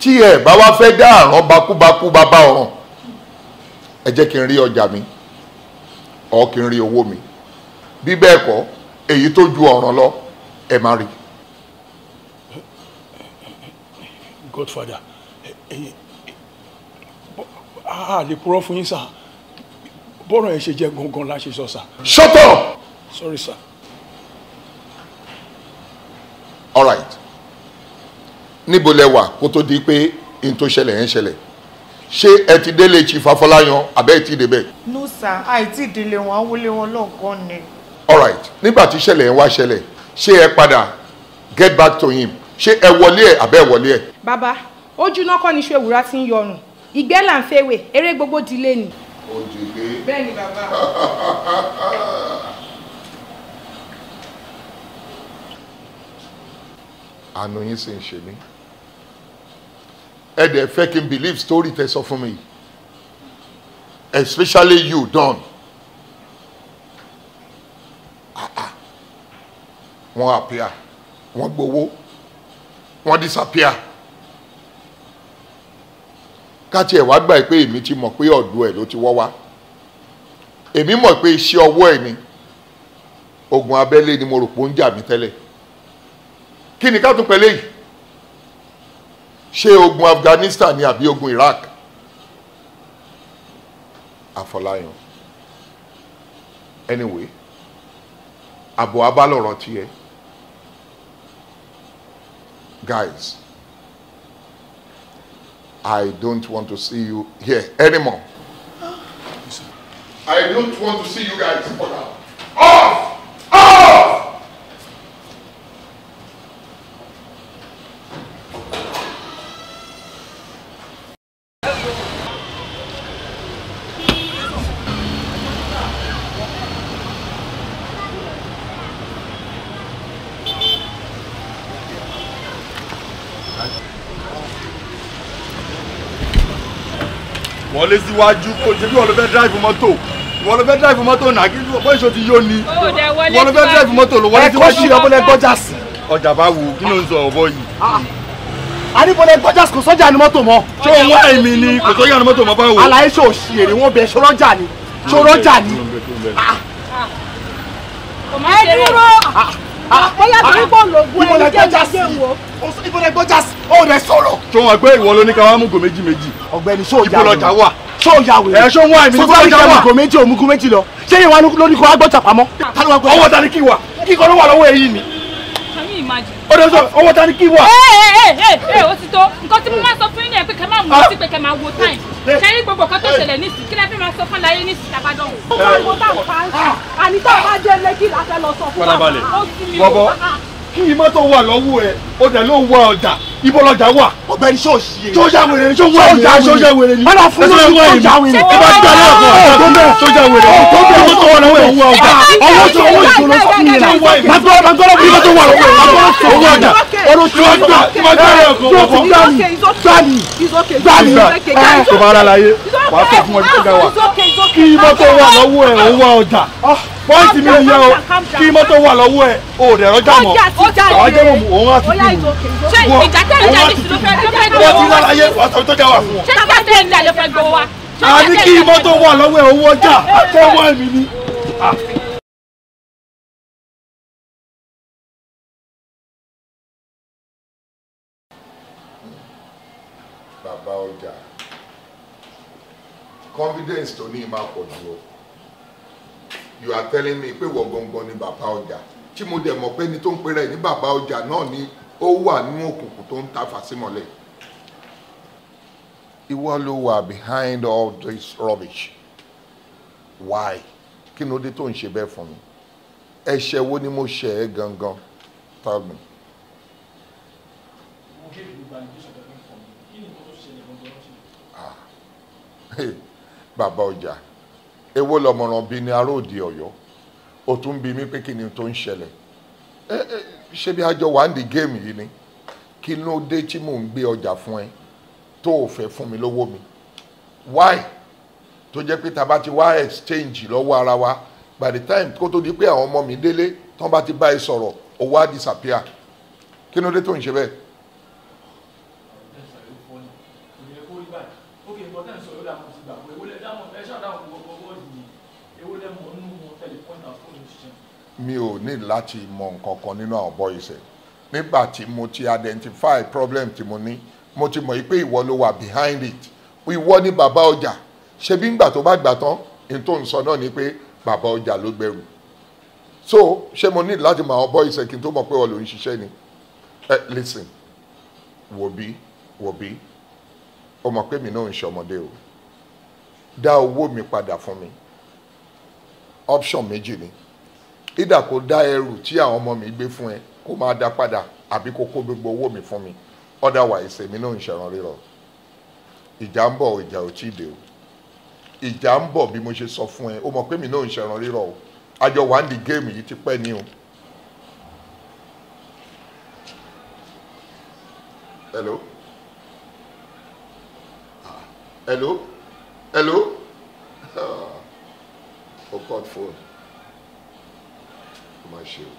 tí ẹ bá wá fẹ́ dá àrán bakúbakú bàbá ọ̀ràn ẹ jẹ́ kí n rí ọjà mi ọ̀ kí n rí owó mi bí bẹ́ẹ̀ kọ́ èyí tó ju ọ̀ràn lọ ẹ máa rí. Godfather Ah, a lè purọ́ fún yín sà bọ́rọ̀ ẹ̀ ṣe jẹ́ gangan la ṣe sọ sà. shut up. sorry sir. all right níbo lẹ wà kó tó di pé n tó ṣẹlẹ̀ ẹ̀ ń ṣẹlẹ̀ ṣé ẹ ti délé chief afọláyan àbẹ́ ẹ ti débẹ̀. no sir àìtí ìdílé wọn awúlé wọn lọ́ọ̀kan ni. all right nígbà tí ṣẹlẹ̀ ẹ̀ wá ṣẹlẹ̀ ṣé ẹ padà get back to him ṣé ẹ wọlé ẹ àbẹ́ ẹ wọlé ẹ. bàbá ojú náà kọ́ ni ṣé ewúrà ti ń yọrùn ìgbẹ́ là ń fẹ́wẹ̀ eré gbogbo dilé ni. ó dilé. bẹ́ẹ̀ ni bàbá. àánú yín sì ń ṣe mí ẹ dẹ̀ fẹ́ kí n believe story tẹ sọ fún mi especially you Don ah, ah. wọ́n appear wọ́n gbowó wọ́n disappear káti ẹ̀ wá gbà pé èmi ti mọ̀ pé ọ̀dọ̀ ẹ̀ ló ti wọ́ wá èmi mọ̀ pé iṣẹ́ ọwọ́ ẹ̀ ni ogun abẹ́lé ni mo rò pé ó ń jà mí tẹ́lẹ̀ kí ni ká tún pẹ̀lẹ́ yìí ṣé ogun Afghanistan ni àbí ogun Iraq Afọláyan anyway àbọ̀ abálọ̀rọ̀ tiẹ̀ guys. I don't want to see you here anymore. I don't want to see you guys. Fuck out. wọlé síwájú kò jẹ́ bí wọ́n lọ fẹ́ dráìfù mọ́tò wọ́n lọ fẹ́ dráìfù mọ́tò náà kí wọ́n ìṣó ti yó ni wọ́n lọ fẹ́ dráìfù mọ́tò lọ wọlé síwájú. ẹ kọ́ sí ọbọ̀lẹ̀ gbọ́jà sí. ọjà bá wù kí ló ń sọ ọ̀bọ yìí. àníbọ̀lẹ̀ ah, gbọ́jà kò sọ́jà ni mọ́tò mọ́. ṣé òun wá èmi ni kò sọ́jà ni mọ́tò mọ́ báwo. àlàyé ṣò ṣèrè wọn bẹ ṣọlọ́jà ni ṣọlọ́jà ni. ẹ dúró ah, ah. bóyá torí pọ̀ lògùn ẹ̀ ń jẹ́ ìgbésẹ̀ wo. ìbọ̀lẹ̀ gbọ́jà sí ó rẹ sọ̀rọ̀. tó wọn gbé ìwọ ló ní ká wá múgò méjì méjì. ọ̀gbẹ́ni sóò yà wèrè ìbọlọjà wà. sóò yà wèrè. ẹ ṣó ń wá èmi níbo lọjà wà. múgò méjì òmùgò méjì lọ. ṣé ìwà ló ní kó wá gbọ́ta pamọ́. ọwọ́ ta ni kí wà kíkọ́ ló wà lọ́wọ́ èyí ni. ó rẹ sọ ọwọ́ ta ni kí wà. ẹ ẹ ẹ ó ti tó nǹkan tí mo máa sọ fún yín ni ẹ pé kẹ máa mú ọtí ah! pé kẹ máa wo time sẹ́yìn gbogbo kan tó ṣẹlẹ̀ ní kí lẹ́fí máa sọ fún láyé ní ìsìtàbádọ́. ó máa ń wo táwọn pa àní táwọn bá jẹ́ lẹ́kì láti lọ sọ fún wa. wọ́bọ̀ ah! kí mọ́tò wà lọ́wọ́ ẹ̀ ó dẹ̀ ló wọ ọjà ibo lọjà wà. ọ̀gbẹ́ni ṣọ́ọ̀ṣì yẹn. ṣọ́ọ̀ṣì àwèrè ni ṣọ́ọ̀ṣì àwèrè ni ṣọ́ọ̀ṣì àwèrè ni. ọ̀nà fún mi ṣọ́ọ̀ṣì àwèrè ni. ìbá gbà ní ọ̀gbọ́n ṣọ́ọ̀ṣì àwèrè ni. tó bẹ́ẹ̀ tó wọlé wẹ̀ owó ọjà. owó tó owó ìṣòro fún mi la. màtúwọ́ màtúwọ́ bí wọ́n tó wà lọ́wọ́ owó ọjà. olú tí wọ́n gbà tí wọ́n gbà kí mọ́tò wà lọ́wọ́ ẹ̀ òun wá ọjà pọ́ìntì mi nìyẹn o kí mọ́tò wà lọ́wọ́ ẹ̀ ò dẹ̀ rọ́jà mọ́ àwọn ajẹ́ mọ̀mù òun àti kúrò wọ́n òun àti kúrò wọ́n ti lálàyé wàá sọ ìtọ́jà wà fún wọn. a ní kí mọ́tò wà lọ́wọ́ ẹ̀ òun ọjà àtẹ́wọ́ ẹ̀mí ni. Ah, confidence tó ní máa pọ̀ jù you are telling me pé wọ́n gangan ni bàbá ọjà tí mo dẹ̀ mọ̀ pé ni tó ń pera ẹ̀ ní bàbá ọjà náà ni ó wà nínú òkùnkùn tó ń ta fàṣímọ́lẹ̀ ìwọ ló behind all this rubbish why kí ni ó dé tó ń ṣe bẹ́ẹ̀ fún mi ẹ̀ṣẹ̀ wo ni mo ṣẹ̀ ẹ́ gangan tell me. Ah bàbá ọjà èwo lọmọràn bíi ní aróòdì Ọ̀yọ́ ó tún bí mi pé kí ni tó ń ṣẹlẹ̀ ẹ ẹ ṣé bí àjọ wà ń di géèmù yìí ni kí ló dé tí mò ń gbé ọjà fún ẹ tó o fẹ́ fún mi lówó mi why tó jẹ́ pé tá ti wá exchange lọ́wọ́ ara wa by the time kó tó di pé àwọn ọmọ mi délé tán bá ti bá ẹ sọ̀rọ̀ ó wá disappear kí ló dé tó ń ṣe bẹ́ẹ̀. mi ò ní láti mọ nǹkan kan nínú àwọn boys ẹ̀ nígbà tí mo ti identify problem tí mo ní mo ti mọ̀ pé ìwọ ló wà behind it ìwọ ni bàbá ọjà ṣebí ńgbà tó bá gbà tán n tó ń sọ náà ni pé bàbá ọjà ló gbẹrù so ṣé mo ní láti mọ àwọn boys ẹ̀ kí n tó mọ̀ pé wọ́n ló ń ṣiṣẹ́ ni ẹ listen wò bí wò bí o mọ̀ pé mi náà ń ṣọmọdé o dá owó mi padà fún mi option méjì ni ìdà kó dá ẹrù tí àwọn ọmọ mi gbé fún ẹ kó máa dá padà àbí kó kó gbogbo owó mi fún mi otherwise èmi náà ń ṣẹ̀ràn rírọ̀ ìjà ń bọ̀ ìjà ò tíì dé o ìjà ń bọ̀ bí mo ṣe sọ fún ẹ o mọ̀ pé mi náà ń ṣẹ̀ràn rírọ̀ o àjọ wà ń géèmù yìí ti pẹ́ ní o. hello ah, hello hello oh God phone má ṣe o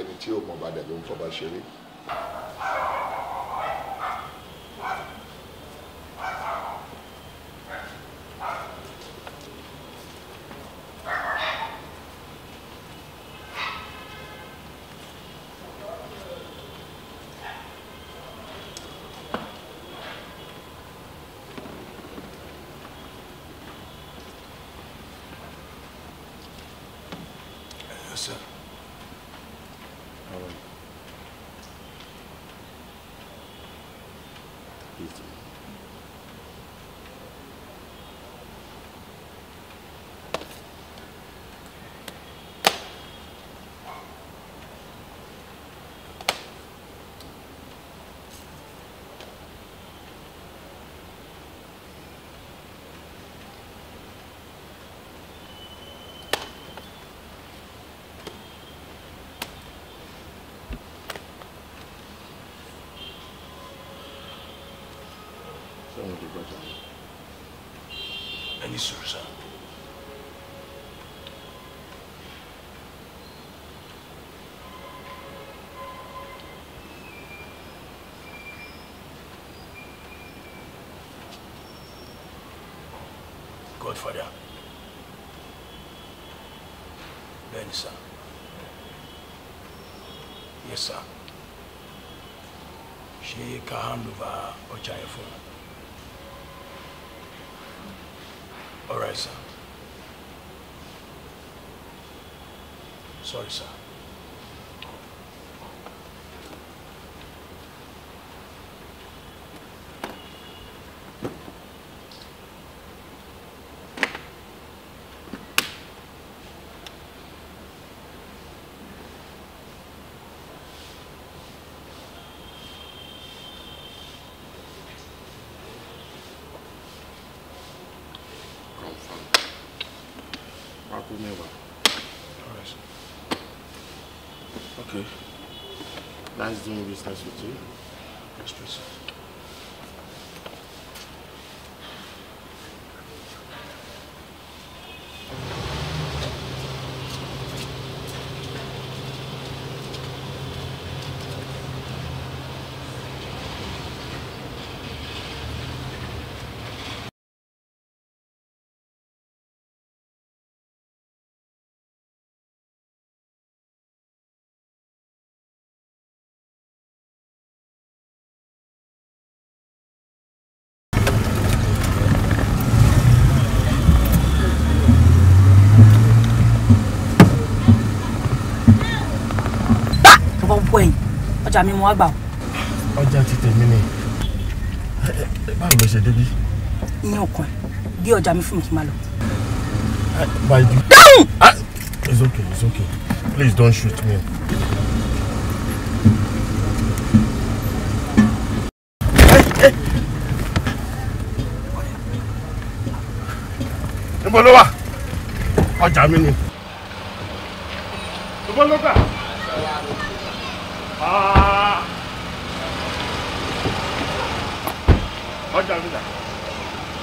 ẹni tí ò mọ̀ bá dẹ̀ ló ń fọba ṣeré. táwọn ti gbàjà lọ. ẹni sùúrù sá. Godfather. Bẹ́ẹ̀ni sá. Yes sá. Ṣé ká hand over ọjà yẹn fún un? Sorry, sir. Rock All right. Okay. Nice doing business with you. Expressive. ọjà mi mo wá gbà o. ọjà ti tèmi ni báwo ló ṣe débi. ìyẹn ọkàn bí ọjà mi fún mi kí n máa lọ. báyìí. dáhùn. Ah! it's okay it's okay please don't shoot me. níbo ló wà ọjà mi ni níbo Ah. gbà. ọjà mi dà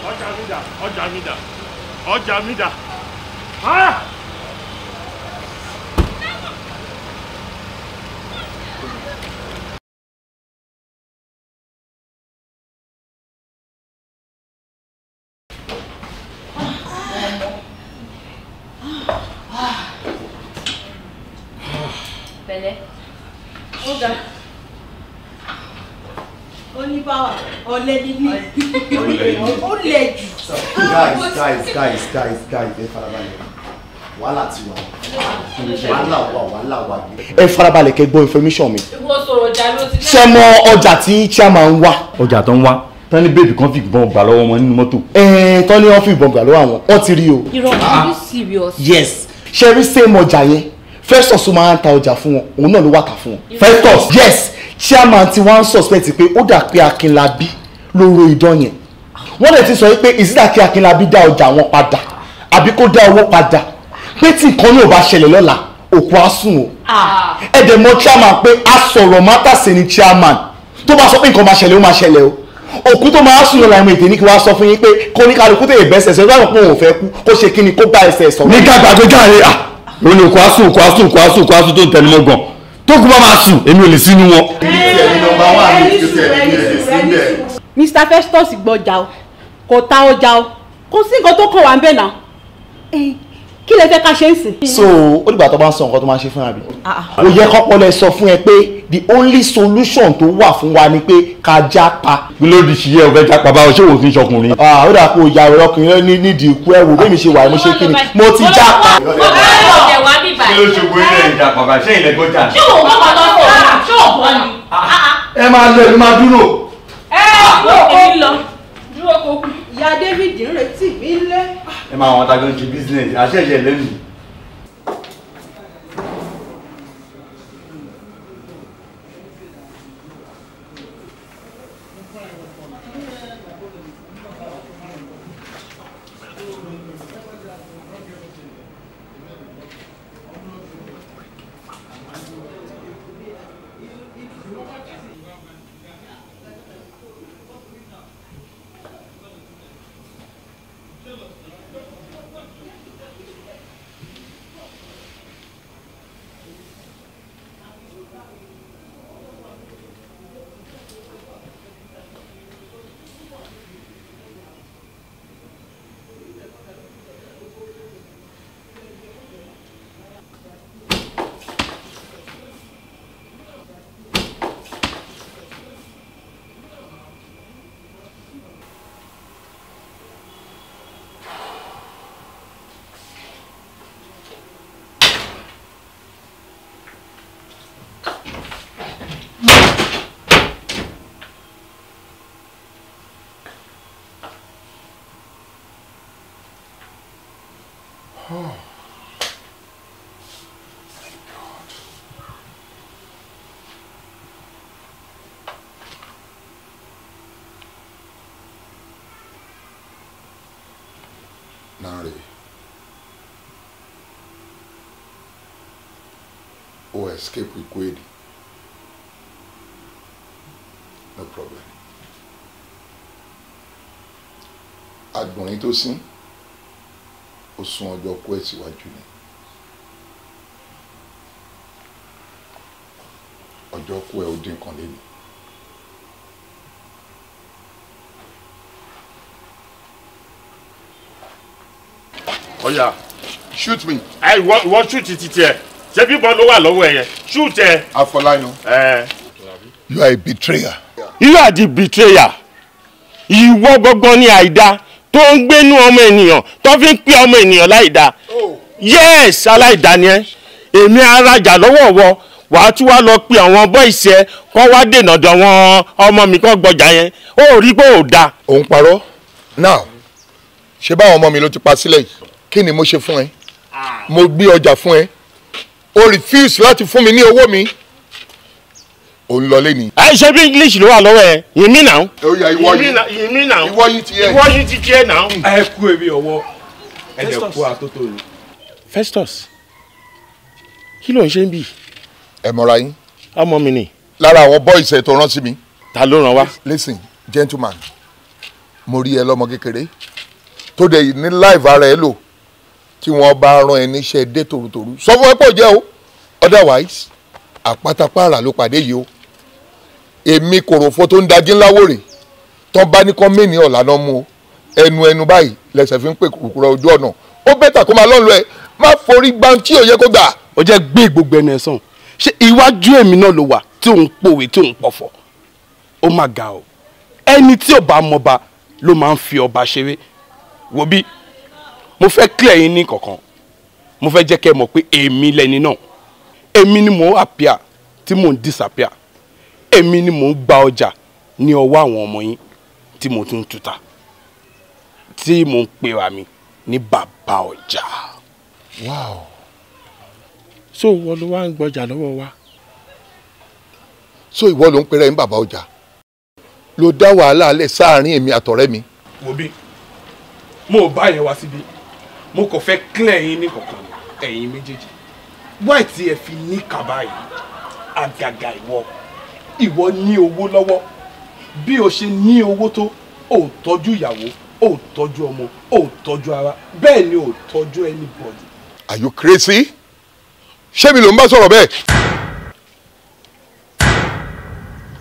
ọjà mi dà ọjà mi dà ọjà mi dà. guys guys guys guys guys ẹ farabalẹ̀ wàhálà ti wà wàhálà wà wàhálà wà. ẹ farabalẹ̀ kẹ́ gbọ́ information mi. ìwọ sọ̀rọ̀ ọjà ló ti dẹ́. ṣé mọ ọjà tí chairman ń wá. ọjà tó ń wá tán ní bèbí kan fi ìbọn gbà lọ́wọ́ wọn nínú mọ́tò. ẹ̀ẹ́n tán ní wọ́n fi ìbọn gbà lọ́wọ́ àwọn wọ́n ti rí o. ìrọ̀lẹ́ you serious. yes ṣe rí same ọjà yẹn Festus máa ń ta ọjà fún wọn òun náà ló wà tà fún wọn. Festus yes chairman ti wá ń suspect pé ó dà pé Akínlábí ló ro ìdán yẹn wọ́n lè ti sọ pé ìsídàkí akínlábí dá ọjà wọn padà àbí kó dá owó padà pé tí nǹkan ní ò bá ṣẹlẹ̀ lọ́la òkú á sùn o ẹ̀dẹ̀ mọ chairman pé a sọ̀rọ̀ mátàsí ni chairman tó bá sọ pé nǹkan máa ṣẹlẹ̀ ó máa ṣẹlẹ̀ o òkú tó máa sùn lọ́la ìmọ̀ èdè ní kí wàá sọ fún yín pé kó ní kálukú tèè bẹ́sẹ̀ sọ láwọn pé òun fẹ́ kú kó ṣe kí ni kó bá ẹsẹ̀ sọ̀rọ̀. ní gàgbàgbé jáde à ó ní òkú á sùn òkú á sùn òkú á sùn òkú á sùn tó ń tẹnumọ́ gan tó kú bá máa sùn èmi ò lè sínú wọn. ẹni tí ẹni nọ́mbà wà ní ìtúsẹ̀ ẹni ẹ̀ Mr Festus gbọ́jà o kò ta ọjà o kò sí nǹkan tó kàn wá ń bẹ̀ náà kí lẹ fẹ́ ká ṣe ń sìn. so ó dìgbà tó bá ń sọ nǹkan tó máa ṣe fún àbí. ó yẹ kọ́pọ̀ lẹ sọ fún ẹ pé the only solution tó wà fún wa ni pé ká já pa. lórí ìṣiyẹ ò fẹ́ já pa báwo ṣé wò fi ṣọkùnrin. Ah, ó dà kó ìyá rẹ ọkùnrin ní nídìí ikú ẹ wò bí mi ṣe wà mo ṣe kí ni mo ti já pa. kí ló ṣe gbé ilé ìjà bàbá ṣé ilẹ̀ gbọ́jà. ṣé òun kọ́kọ́ lọ́kọ̀ọ́ ẹ máa lọ ẹ máa dúró ẹ wò ah, ó lọ dúró kó kú. ìyá David ń retí mi lé. ẹ máa wọn ta gan ju business àṣẹ̀ṣẹ̀ lẹ́nu. escape with Kwedi. No problem. Agbọ̀nrín tó sín, ó sún ọjọ́ kú ẹ̀ síwájú ni. Ọjọ́ kú ẹ̀ ó dín kan lẹ́nu. Ọya, shoot me. Ẹ ìwọ ìwọ shoot titi ẹ ṣé bíbọn ló wà lọ́wọ́ ẹ yẹn shoot ẹ. afọláyàn you are a betrayer. you are the betrayer ìwọ gbọgbọ́n ní àìda tó ń gbénú ọmọ ènìyàn tó fi ń pè ọmọ ènìyàn láìda oh. yes aláìda ni ẹ èmi arajà lọ́wọ́ wọ wà tún wá lọ pe àwọn bọ́ìsì ẹ kọ́ wá dènà dọ̀ wọn ọmọ mi kọ́ gbọ́jà yẹn ó rí pé ò da. òun parọ́ now ṣé báwọn ọmọ mi ló ti pa sílẹ̀ yìí kí ni mo ṣe fún ẹ mo gbé ọjà fún ẹ o refuse láti fún mi ní owó mi ò ń lọ lẹ́ni. ẹ ṣe bí english ló wà lọ́wọ́ ẹ yìí mí náà. oya ìwọ yìí ìmí náà ìwọ yìí ti yẹ ìwọ yìí ti tiẹ náà. ẹ kú èmi ọwọ ẹ dẹ kú àtótó ni. Festus kí ló ń ṣe ń bì. ẹ mọ̀ra yín. ọmọ mi ni. lára àwọn boys ẹ̀ tó rán sí mi. ta ló ràn wá. listen gentleman mo rí ẹ lọ́mọ kékeré tó dẹ̀ ní live ara ẹ lò tí wọ́n bá rán ẹ níṣẹ́ dé tòrútòrú sọ fún ẹ pọ̀ jẹ́ o otherwise àpátápàrà ló pàdé yìí o èmi kòròfo tó ń dajì ńláwó rè tán bá ní kán mẹ́ni ọ̀la náà mú o ẹnu ẹnu báyìí lẹ́sẹ̀ fi ń pè kòkòrò ojú ọ̀nà ó bẹ́tà kó máa lọ́nu ẹ má forí gba tí ò yẹ kó gbà. ó jẹ́ gbé gbogbo ẹnu ẹ̀ sàn ṣé iwájú èmi náà ló wà tí òun pòwe tí òun pọ̀fọ̀ ó má ga o ẹni tí ò bá mọba ló máa ń fi ọba ṣeré wo bí mo fẹ́ clear yín ní kọ̀ọ̀kan mo fẹ́ jẹ́ kẹ́ mọ̀ pé èmi lẹni náà èmi ni mò ń appear tí mò ń disappear èmi ni mò ń gba ọjà ní ọwọ́ àwọn ọmọ yín tí mo tún tuta tí mò ń pera mi ní bàbá ọjà. wow so ìwọ ló wá ń gbọjà lọ́wọ́ wa. so ìwọ ló ń pera ẹ̀ ní bàbá ọjà ló dá wàhálà lẹ̀ sáàárín èmi àtọ̀rẹ́ mi. wò bí mo ò bá yẹn wá síbi. Si mo kàn fẹ́ clear yín ní kankan ẹ̀yin méjèèjì wáì tí ẹ fi ní kaba yìí àgàgà ìwọ ìwọ ní owó lọ́wọ́ bí o ṣe ní owó tó o tọ́jú ìyàwó o tọ́jú ọmọ o tọ́jú ara bẹ́ẹ̀ ni o tọ́jú anybody. Are you crazy? ṣé mi ló ń bá sọ̀rọ̀ bẹ́ẹ̀.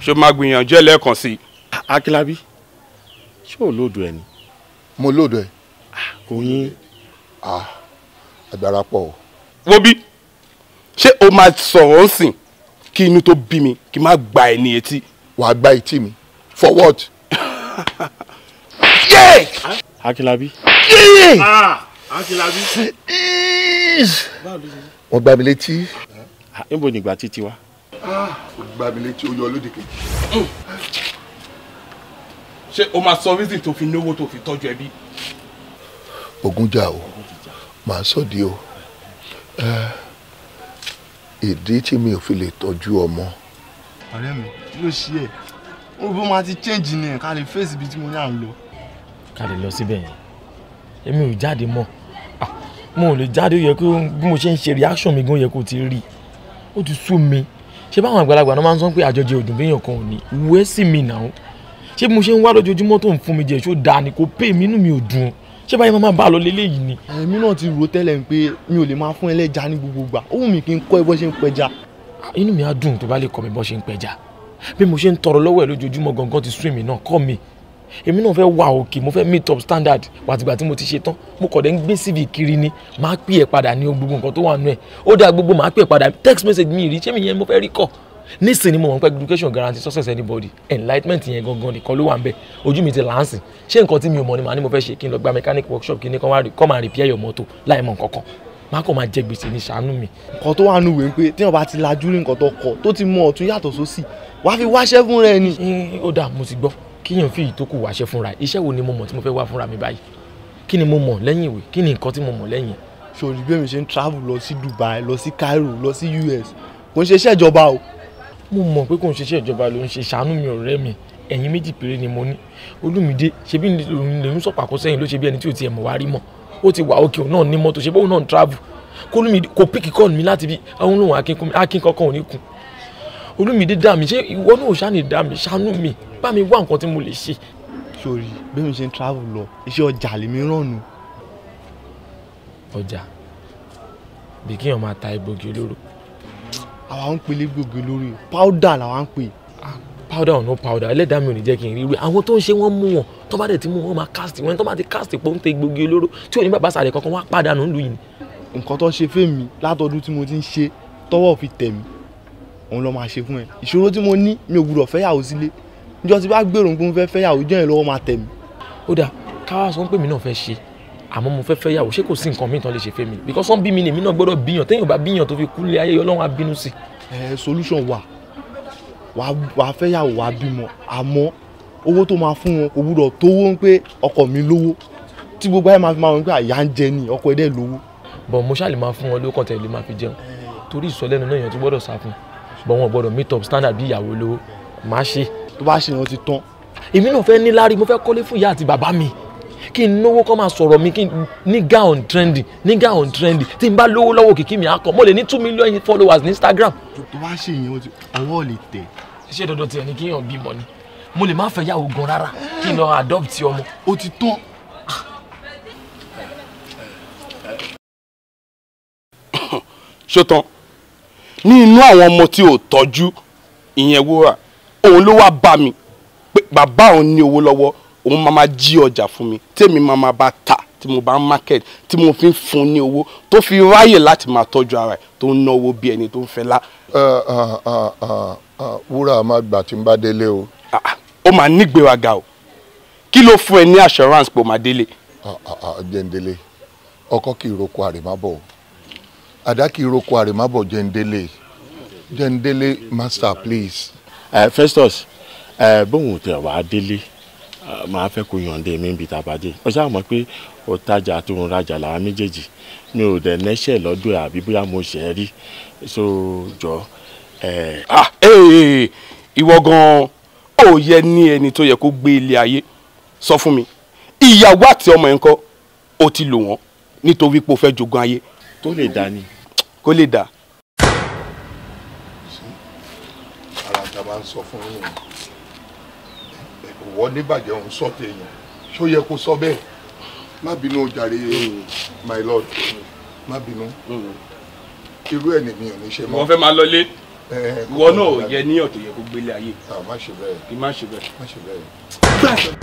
ṣé o máa gbìyànjú ẹ lẹ́ẹ̀kan sí i. Akílábí ṣé o lóòdù ẹ ni. mo lóòdù ẹ. Ah, kò yín. Ah, agbára pọ̀ o. wo bí ṣé o máa sọ̀rọ̀ ń sìn kí inú tó bí mi kí n má gba ẹ̀ ní etí. wàá gba etí mi for what. akilabi. Ah, akilabi. wọ́n gbá mi létí. Ah, níbo ni ìgbà títí wa. ó gbá mi létí ó yọ lóde kejì. ṣé o máa sọ reason tó fi náwó tó fi tọ́jú ẹbí. ogun jà o màá sọ̀dí o ìdí tí mi ò fi lè tọ́jú ọmọ. ọ̀rẹ́ mi ló ṣe ẹ̀ wọ́n bó máa ti change ni ká lè face ibi tí mo ní à ń lọ. ká lè lọ síbẹ̀ yẹn èmi ò jáde mọ́ mo ò lè jáde ó yẹ kó bí mo ṣe ń ṣe reaction mi gan yẹ kó ti rí ó ti sú mi ṣé báwọn àgbàlagbà náà máa ń sọ pé àjọjẹ òdùn béèyàn kan ò ní wẹ́ẹ́ sì mi nà ó ṣé mo ṣe ń wá lójoojúmọ́ tó ń fún mi jẹ ṣó dáa ni kò pé mi inú mi ò dùn ṣé báyìí máa bá a lọ léléyìí ni. èmi náà ti rò tẹ́lẹ̀ pé mi ò lè máa fún ẹlẹ́ja ní gbogbo gbà ó wù mí kí n kọ́ ẹ bó ṣe ń pẹja. Ah, inú mi á dùn tó bá lè kọ́ mi bó ṣe ń pẹja bí mo ṣe ń tọrọ lọ́wọ́ ẹ̀ lójoojúmọ́ gangan ti sún èmi náà kọ́ mi èmi náà fẹ́ wà òkè mo fẹ́ meet up standard wàtìgbà tí mo ti ṣe tán mo kọ̀ dé ń gbé CV kiri ni máa pè é padà ní gbogbo nǹkan tó wà nù ẹ̀ ó dáa gbogbo máa pè é padà text message mi rí ṣé mi yẹn mo fẹ́ rí kọ́ nísìn ni mo mọ̀ pé education guarantee success anybody enlightenment yẹn gangan nìkan ló wà ń bẹ̀ ojú mi ti láǹsì ṣé nǹkan tí mi ò mọ̀ ni màá ní mo fẹ́ ṣe kí n lọ gba mechanic workshop kí ni kọ́ máa repair your motor láì mọ̀ nǹkan kan má kàn máa jẹ gbèsè ní ṣàánú mi. nǹkan tó wà nù wé pé téèyàn bá ti lajú ní nǹkan tó kọ tó ti mọ ọ̀tún yàtọ̀ sósì wá fi wáṣẹ́ fún rẹ ni. ó dà mo ti gbọ́ kíyàn fi ìtókù wáṣẹ́ fúnra ẹ̀ iṣẹ́ wo ni mo mọ̀ tí mo fẹ́ wá fúnra mi báyìí kí ni mo mọ̀ lẹ́yìn ìwé kí ni nǹkan tí mo mọ̀ lẹ́yìn. sori bí èmi ṣe ń travel lọ sí Dubai lọ sí Cairo lọ sí US kò ń ṣe iṣẹ́ ìjọba o mo mọ̀ pé kò ń ṣiṣẹ́ ìjọba ló ń ṣe ṣàánú mi ọ̀rẹ́ mi ẹ̀yin méjì péré ni mo ní olùmídé ṣebí lòun sọ̀pà kó sẹ́yìn ló ṣe bí ẹni tí ò tiẹ̀ mọ̀ wá rí mọ̀ ó ti wà òkè òun náà ní mọ́tò ṣe bóun náà ń travel kó olùmídé kò píkì kọ́ọ̀nù mi láti bí àwọn olóhùn akin kankan ò ní kun olùmídé dá mi ṣé ìwọ náà ṣàní dá mi ṣàánú mi bá mi wá nǹkan tí mo lè ṣe. sori bí mi ṣe ń travel lọ iṣẹ́ ọjà lèmi ràn nù. ọjà bí kéèyàn máa ta egbògi olóró àwa ń pele gbogbo lórí powder làwa ń pè. Ah, powder or no powder ẹlẹ́dàá mi ò ní jẹ́ kí n rí rí àwọn tó ń ṣe wọ́n mú wọn tó bá dẹ̀ ti mú wọn máa cast wọn tó bá ti cast pòǹté gbogbo olóró tí òní bàbá sàlẹ̀ kankan wá pàdánù ń lù yìí. nǹkan tó ń ṣe fèmí látọdún tí mo ti ń ṣe tọwọ́ fi tẹ̀ mí òun ló máa ṣe fún ẹ ìṣòro tí mo ní mi ò gbúdọ̀ fẹ́yàwó sílé níjọ́ tí bá gbèrò pé mo fẹ́ fẹ́yàwó jẹ́ ìlọ́wọ́ máa tẹ̀ mí. ó dà àmọ́ mo fẹ́ fẹ́ yàwó ṣé kò sí nǹkan míì tán lè ṣe fẹ́ mi because wọ́n bí mi nìmí náà gbọ́dọ̀ bíyàn téèyàn bá bíyàn tó fi kú lé ayé ọlọ́run á bínú sí. ẹ solution wà wàá fẹ́ yàwó wàá bímọ àmọ́ owó tó máa fún wọn kò gbúdọ̀ tówó ń pé ọkọ mi lówó tí gbogbo ayé máa fi máa wọn pé àyà ń jẹ ni ọkọ ẹdẹ lówó. bọ̀ mo ṣáà lè máa fún wọn lókàn tẹ̀lé máa fi jẹun torí ìsọlẹ́nu náà yẹn tó gbọ́dọ̀ meet up standard bí ìyàwó lówó má ṣe. tó bá ṣe yẹn ti tán. èmi náà fẹ́ ní lárí mo fẹ́ kọ́lé fún ìyá àti kí n náwó kọ́ máa sọ̀rọ̀ mi nígà on trendy nígà on trendy tí n bá lówó lọ́wọ́ kìkì mi akọ mo lè ní two million followers ní Instagram. tó bá ṣe ìyẹn ọwọ́ lè tẹ̀. ṣé dandan tiẹ̀ ni kí èèyàn bímọ ni mo lè má fẹ́ yàwó gan rárá kí n lọ adopt ọmọ. ó ti tán. ṣótán ní inú àwọn ọmọ tí ò tọ́jú ìyẹn wúrà òun ló wá bá mi pé bàbá òun ní owó lọ́wọ́ òun máa máa jí ọjà fún mi tèmi máa máa bá ta tí mo bá ń market tí mo fi ń fún ní owó tó fi ráyè láti máa tọ́jú ara ẹ̀ tó ń náwó bí ẹni tó ń fẹ́ lá. wúrà máa gbà tí n bá délé o. Ah, ah, ó máa nígbéraga o kí ló fún ẹ ní assurance pé o máa délé. Ah, jẹ́ndélé ọkọ kì í roko àrèmábọ̀ o àdá kì í roko àrèmábọ̀ jẹ́ndélé jẹ́ndélé master please. Uh, Festus eh, bóun tẹ̀ wá délé. Ah, màá fẹ́ kó yọ̀ǹde mi bí tàbádé ó ṣáà mọ̀ pé ó tajà tó ń rajà làwọn méjèèjì mi ò dẹ̀ nẹ́ṣẹ̀ lọ́dọ̀ àbí bóyá mo ṣẹ̀ rí so jọ ẹ̀. Ah, ìwọ gan-an ò yẹ ní ẹni tó yẹ kó gbé ilé ayé sọ fún mi ìyàwó àti ọmọ ẹ̀ ó ti lò wọ́n nítorí pé o fẹ́ jogún ayé. tó lè dá ni. kó lè dá. ara ta bá ń sọ fún yín ìwọ níbàjẹ́ òun sọ tèèyàn ṣó yẹ kó sọ bẹ́ẹ̀ má bínú jàre my lord má bínú irú ẹ̀ nìmi ò ní ṣe mọ́. wọ́n fẹ́ máa lọlé ìwọ náà yẹ níyàn tó yẹ kó gbélé ayé. má ṣe bẹ́ẹ̀ kí má ṣe bẹ́ẹ̀. má ṣe bẹ́ẹ̀.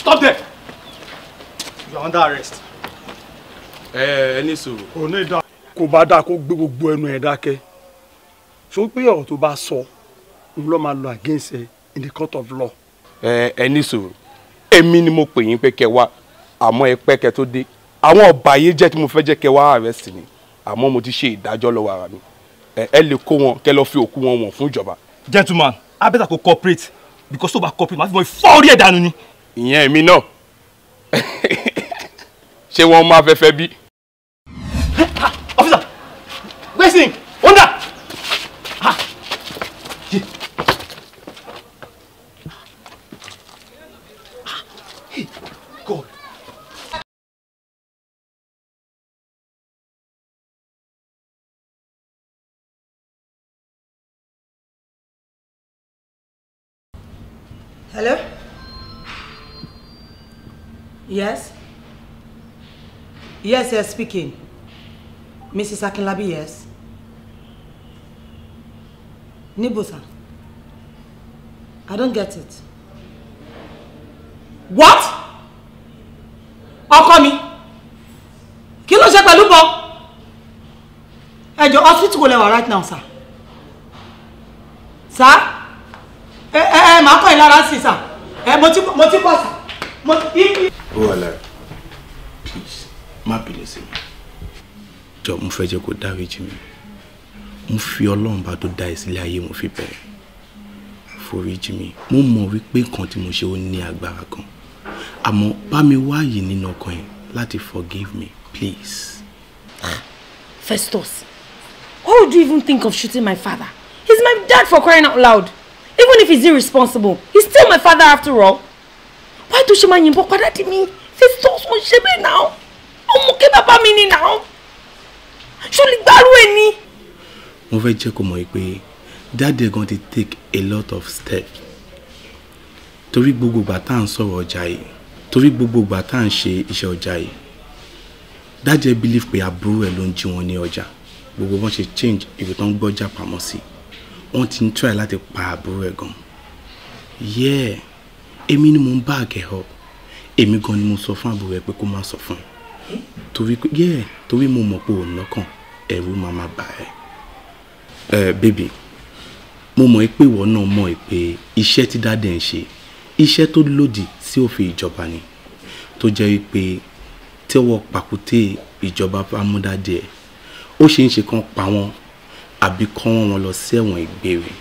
Stop there! You are under arrest ẹ ẹ ní sòrò. kò ní da kò bá dáa kó gbé gbogbo ẹnu ẹ dákẹ́ so pé ọ̀rọ̀ tó bá sọ n lọ́ máa lọ against in the court of law. ẹ ẹ ní sòrò èmi ni mo pè yín pé kẹ wá àmọ́ ẹ pẹ́ kẹ tó dé àwọn ọba yìí jẹ́ tí mo fẹ́ jẹ́ kẹ wá arrest ni àmọ́ mo ti ṣe ìdájọ́ lọ́wọ́ ara mi ẹ lè kó wọn kẹ lọ́ọ́ fi òkú wọn wọ̀n fún ìjọba. gentleman abẹ́ta kò cooperate because tó bá cooperate màá fi mọ ifá orí ẹ̀ dànù ni. ìyẹn èmi náà ṣé wọ́n máa fẹ́fẹ́ bí Yes? Yes, yes, speaking. Mrs. Akinlabi, yes. Nibusa. I don't get it. What? Ọkọ mi. Kí ló ṣe pẹ̀lú bọ? Ẹjọ́ hospital kò lẹ́wà right now, sir. Sir? eh, eh. ẹ màá kọ́ ìlara sí, sir. Eh, mo ti bọ̀, sir. Mo ti ó please my bínú sí mi. jọ mo fẹ́ jẹ́ kó dáríjì mi mo fi ọlọ́run bá tó dá ẹ sílé ayé mo fi bẹ̀rẹ̀ foríjì mi mo mọ̀ wípé nǹkan tí mo ṣe ó ní agbára gan àmọ́ bá mi wáàyè nínú ọkàn yẹn láti forgive me please. Festus why would you even think of shooting my father he's my dad for crying out loud even if he's irresponsible he's still my father after all báyìí tó ṣe máa yìnbọn padà dì mí fífi tó sọ ṣe bẹ́ẹ̀ náà ọmọ kí bàbá mi ni náà ṣó lè gbárù ni. mo fẹ́ jẹ́ kó mọ̀ pé dáàdì gan ti take a lot of steps torí gbogbo ìgbà tá à ń sọ̀rọ̀ ọjà yìí torí gbogbo ìgbà tá à ń ṣe iṣẹ́ ọjà yìí dáàdì ẹ believe pé àbúrò ẹ̀ ló ń jí wọn ní ọjà gbogbo wọn ṣe change ibi tó ń gbọ́jà pamọ́ sí wọ́n ti ń try láti pa àbúrò ẹ̀ gan yeah èmi ni mò ń bá àgẹ̀ họ èmi gan ni mo sọ fún àbúrò ẹ pé kó má sọ fún un torí pé yẹ torí mo mọ̀ pé òun lọ́kàn ẹ̀rù máa ma bà ẹ́ ẹ bèbè mo mọ̀ pé ìwọ náà mọ̀ pé iṣẹ́ tí dáadẹ́ ń ṣe iṣẹ́ tó lòdì sí òfin ìjọba ni tó jẹ́ pé tẹ́wọ́ pàkúté ìjọba bá mú dáadẹ́ ẹ̀ ó ṣe ń ṣe kan pa wọ́n àbí kọ́ wọ́n lọ sí ìgbèrè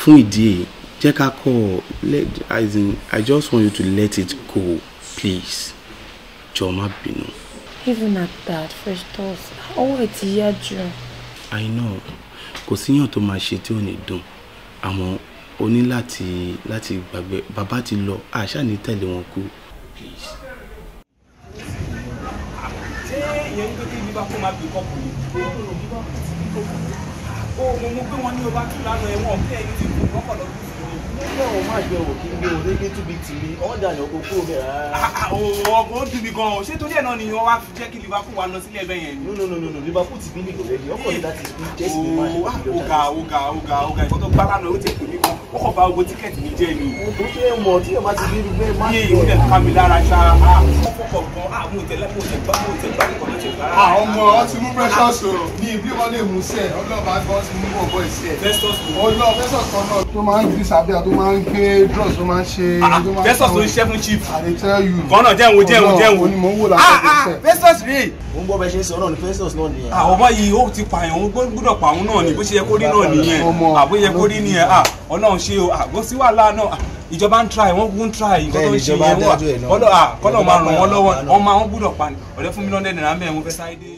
fún ìdí èyí jẹ́ ká kọ́ let as in i just want you to let it go please jọ̀ọ́ má bínú. even at that fresh thoughts ọwọ́ ẹ̀ ti yá jù. i know kò síyàn tó máa ṣe tí ò ní dùn àmọ́ o ní láti láti gbàgbé bàbá ti lọ àṣà ní tẹ̀lé wọn kú. please. ó mú pé wọ́n ní ọba tù lánàá ẹ̀wọ̀n bí ẹni tí kò kọ́kọ̀ ọlọ́run má gbẹ òkè gbé òde gbé túbi tìrí ọ̀dà ni ọkọ̀ kúrò bẹ́ẹ̀ rárá. Ah, ah, ah, oh, oh, ọkọ̀ ó tóbi gan-an ṣé torí ẹ̀ náà ni wọ́n wá fi jẹ́ kí Liverpool wá lọ sílẹ̀ bẹ́ẹ̀ yẹn ni. no no no no no Liverpool ti bí ní ìgbòho ẹni ọkọ̀ nígbà tí Chelsea ló máa ṣe ìjọba. Oh, ọ̀gá ọ̀gá ọ̀gá ọ̀gá ìfọ́n tó gbá lánàá ó ti pè mí kan ó kọ̀ bá owó tíkẹ́ẹ̀tì mi jẹ́ ni. mo tó fẹ́ mọ̀ tí yóò bá ti bí irú bẹ́ẹ̀ má fọkọ̀ gan àwọn òtẹ̀ lẹ́kọ̀ọ́ òtẹ̀ gbá òtẹ̀ gbá ìkọ̀ lọ́tẹ̀ gbá. àwọn ọmọ ọ ti mú precious o ní ah. ibi wọn lè mú sẹ ọlọ́ọ̀bá gan ti mú bọ̀bọ̀ ìsẹ. festus o ọlọ́ọ̀ festus kan náà tó máa ń gbé sábẹ́ tó máa ń gbé drugs tó máa ń ṣe. festus ah, o ṣiṣẹ́ fún chief. i dey tell you. kan náà jẹ́wọ̀n jẹ́wọ̀n jẹ́wọ̀n. òní mò ń Ah, láti ah, festus rèé. mo ń gbọ́ bẹ ṣe sọ náà ni festus náà nìyẹn. àwọn ọmọ yìí ó ti pààyàn òun gbọ́dọ̀ pààyàn náà ni bó ṣe yẹ kó rí náà nìyẹn àbó yẹ kó rí nìyẹn ọlọ́run ṣe o àgọ́sí náà ìjọba ń try wọ́n ń try nǹkan tó ń ṣe yẹn wà kọ́lọ̀ máa ràn wọ́n lọ́wọ́ ọmọ àwọn gbúdọ̀ pa ọ̀rẹ́ fún mílíọ̀nù náírà mẹ́rin mo fẹ́ sáré dé.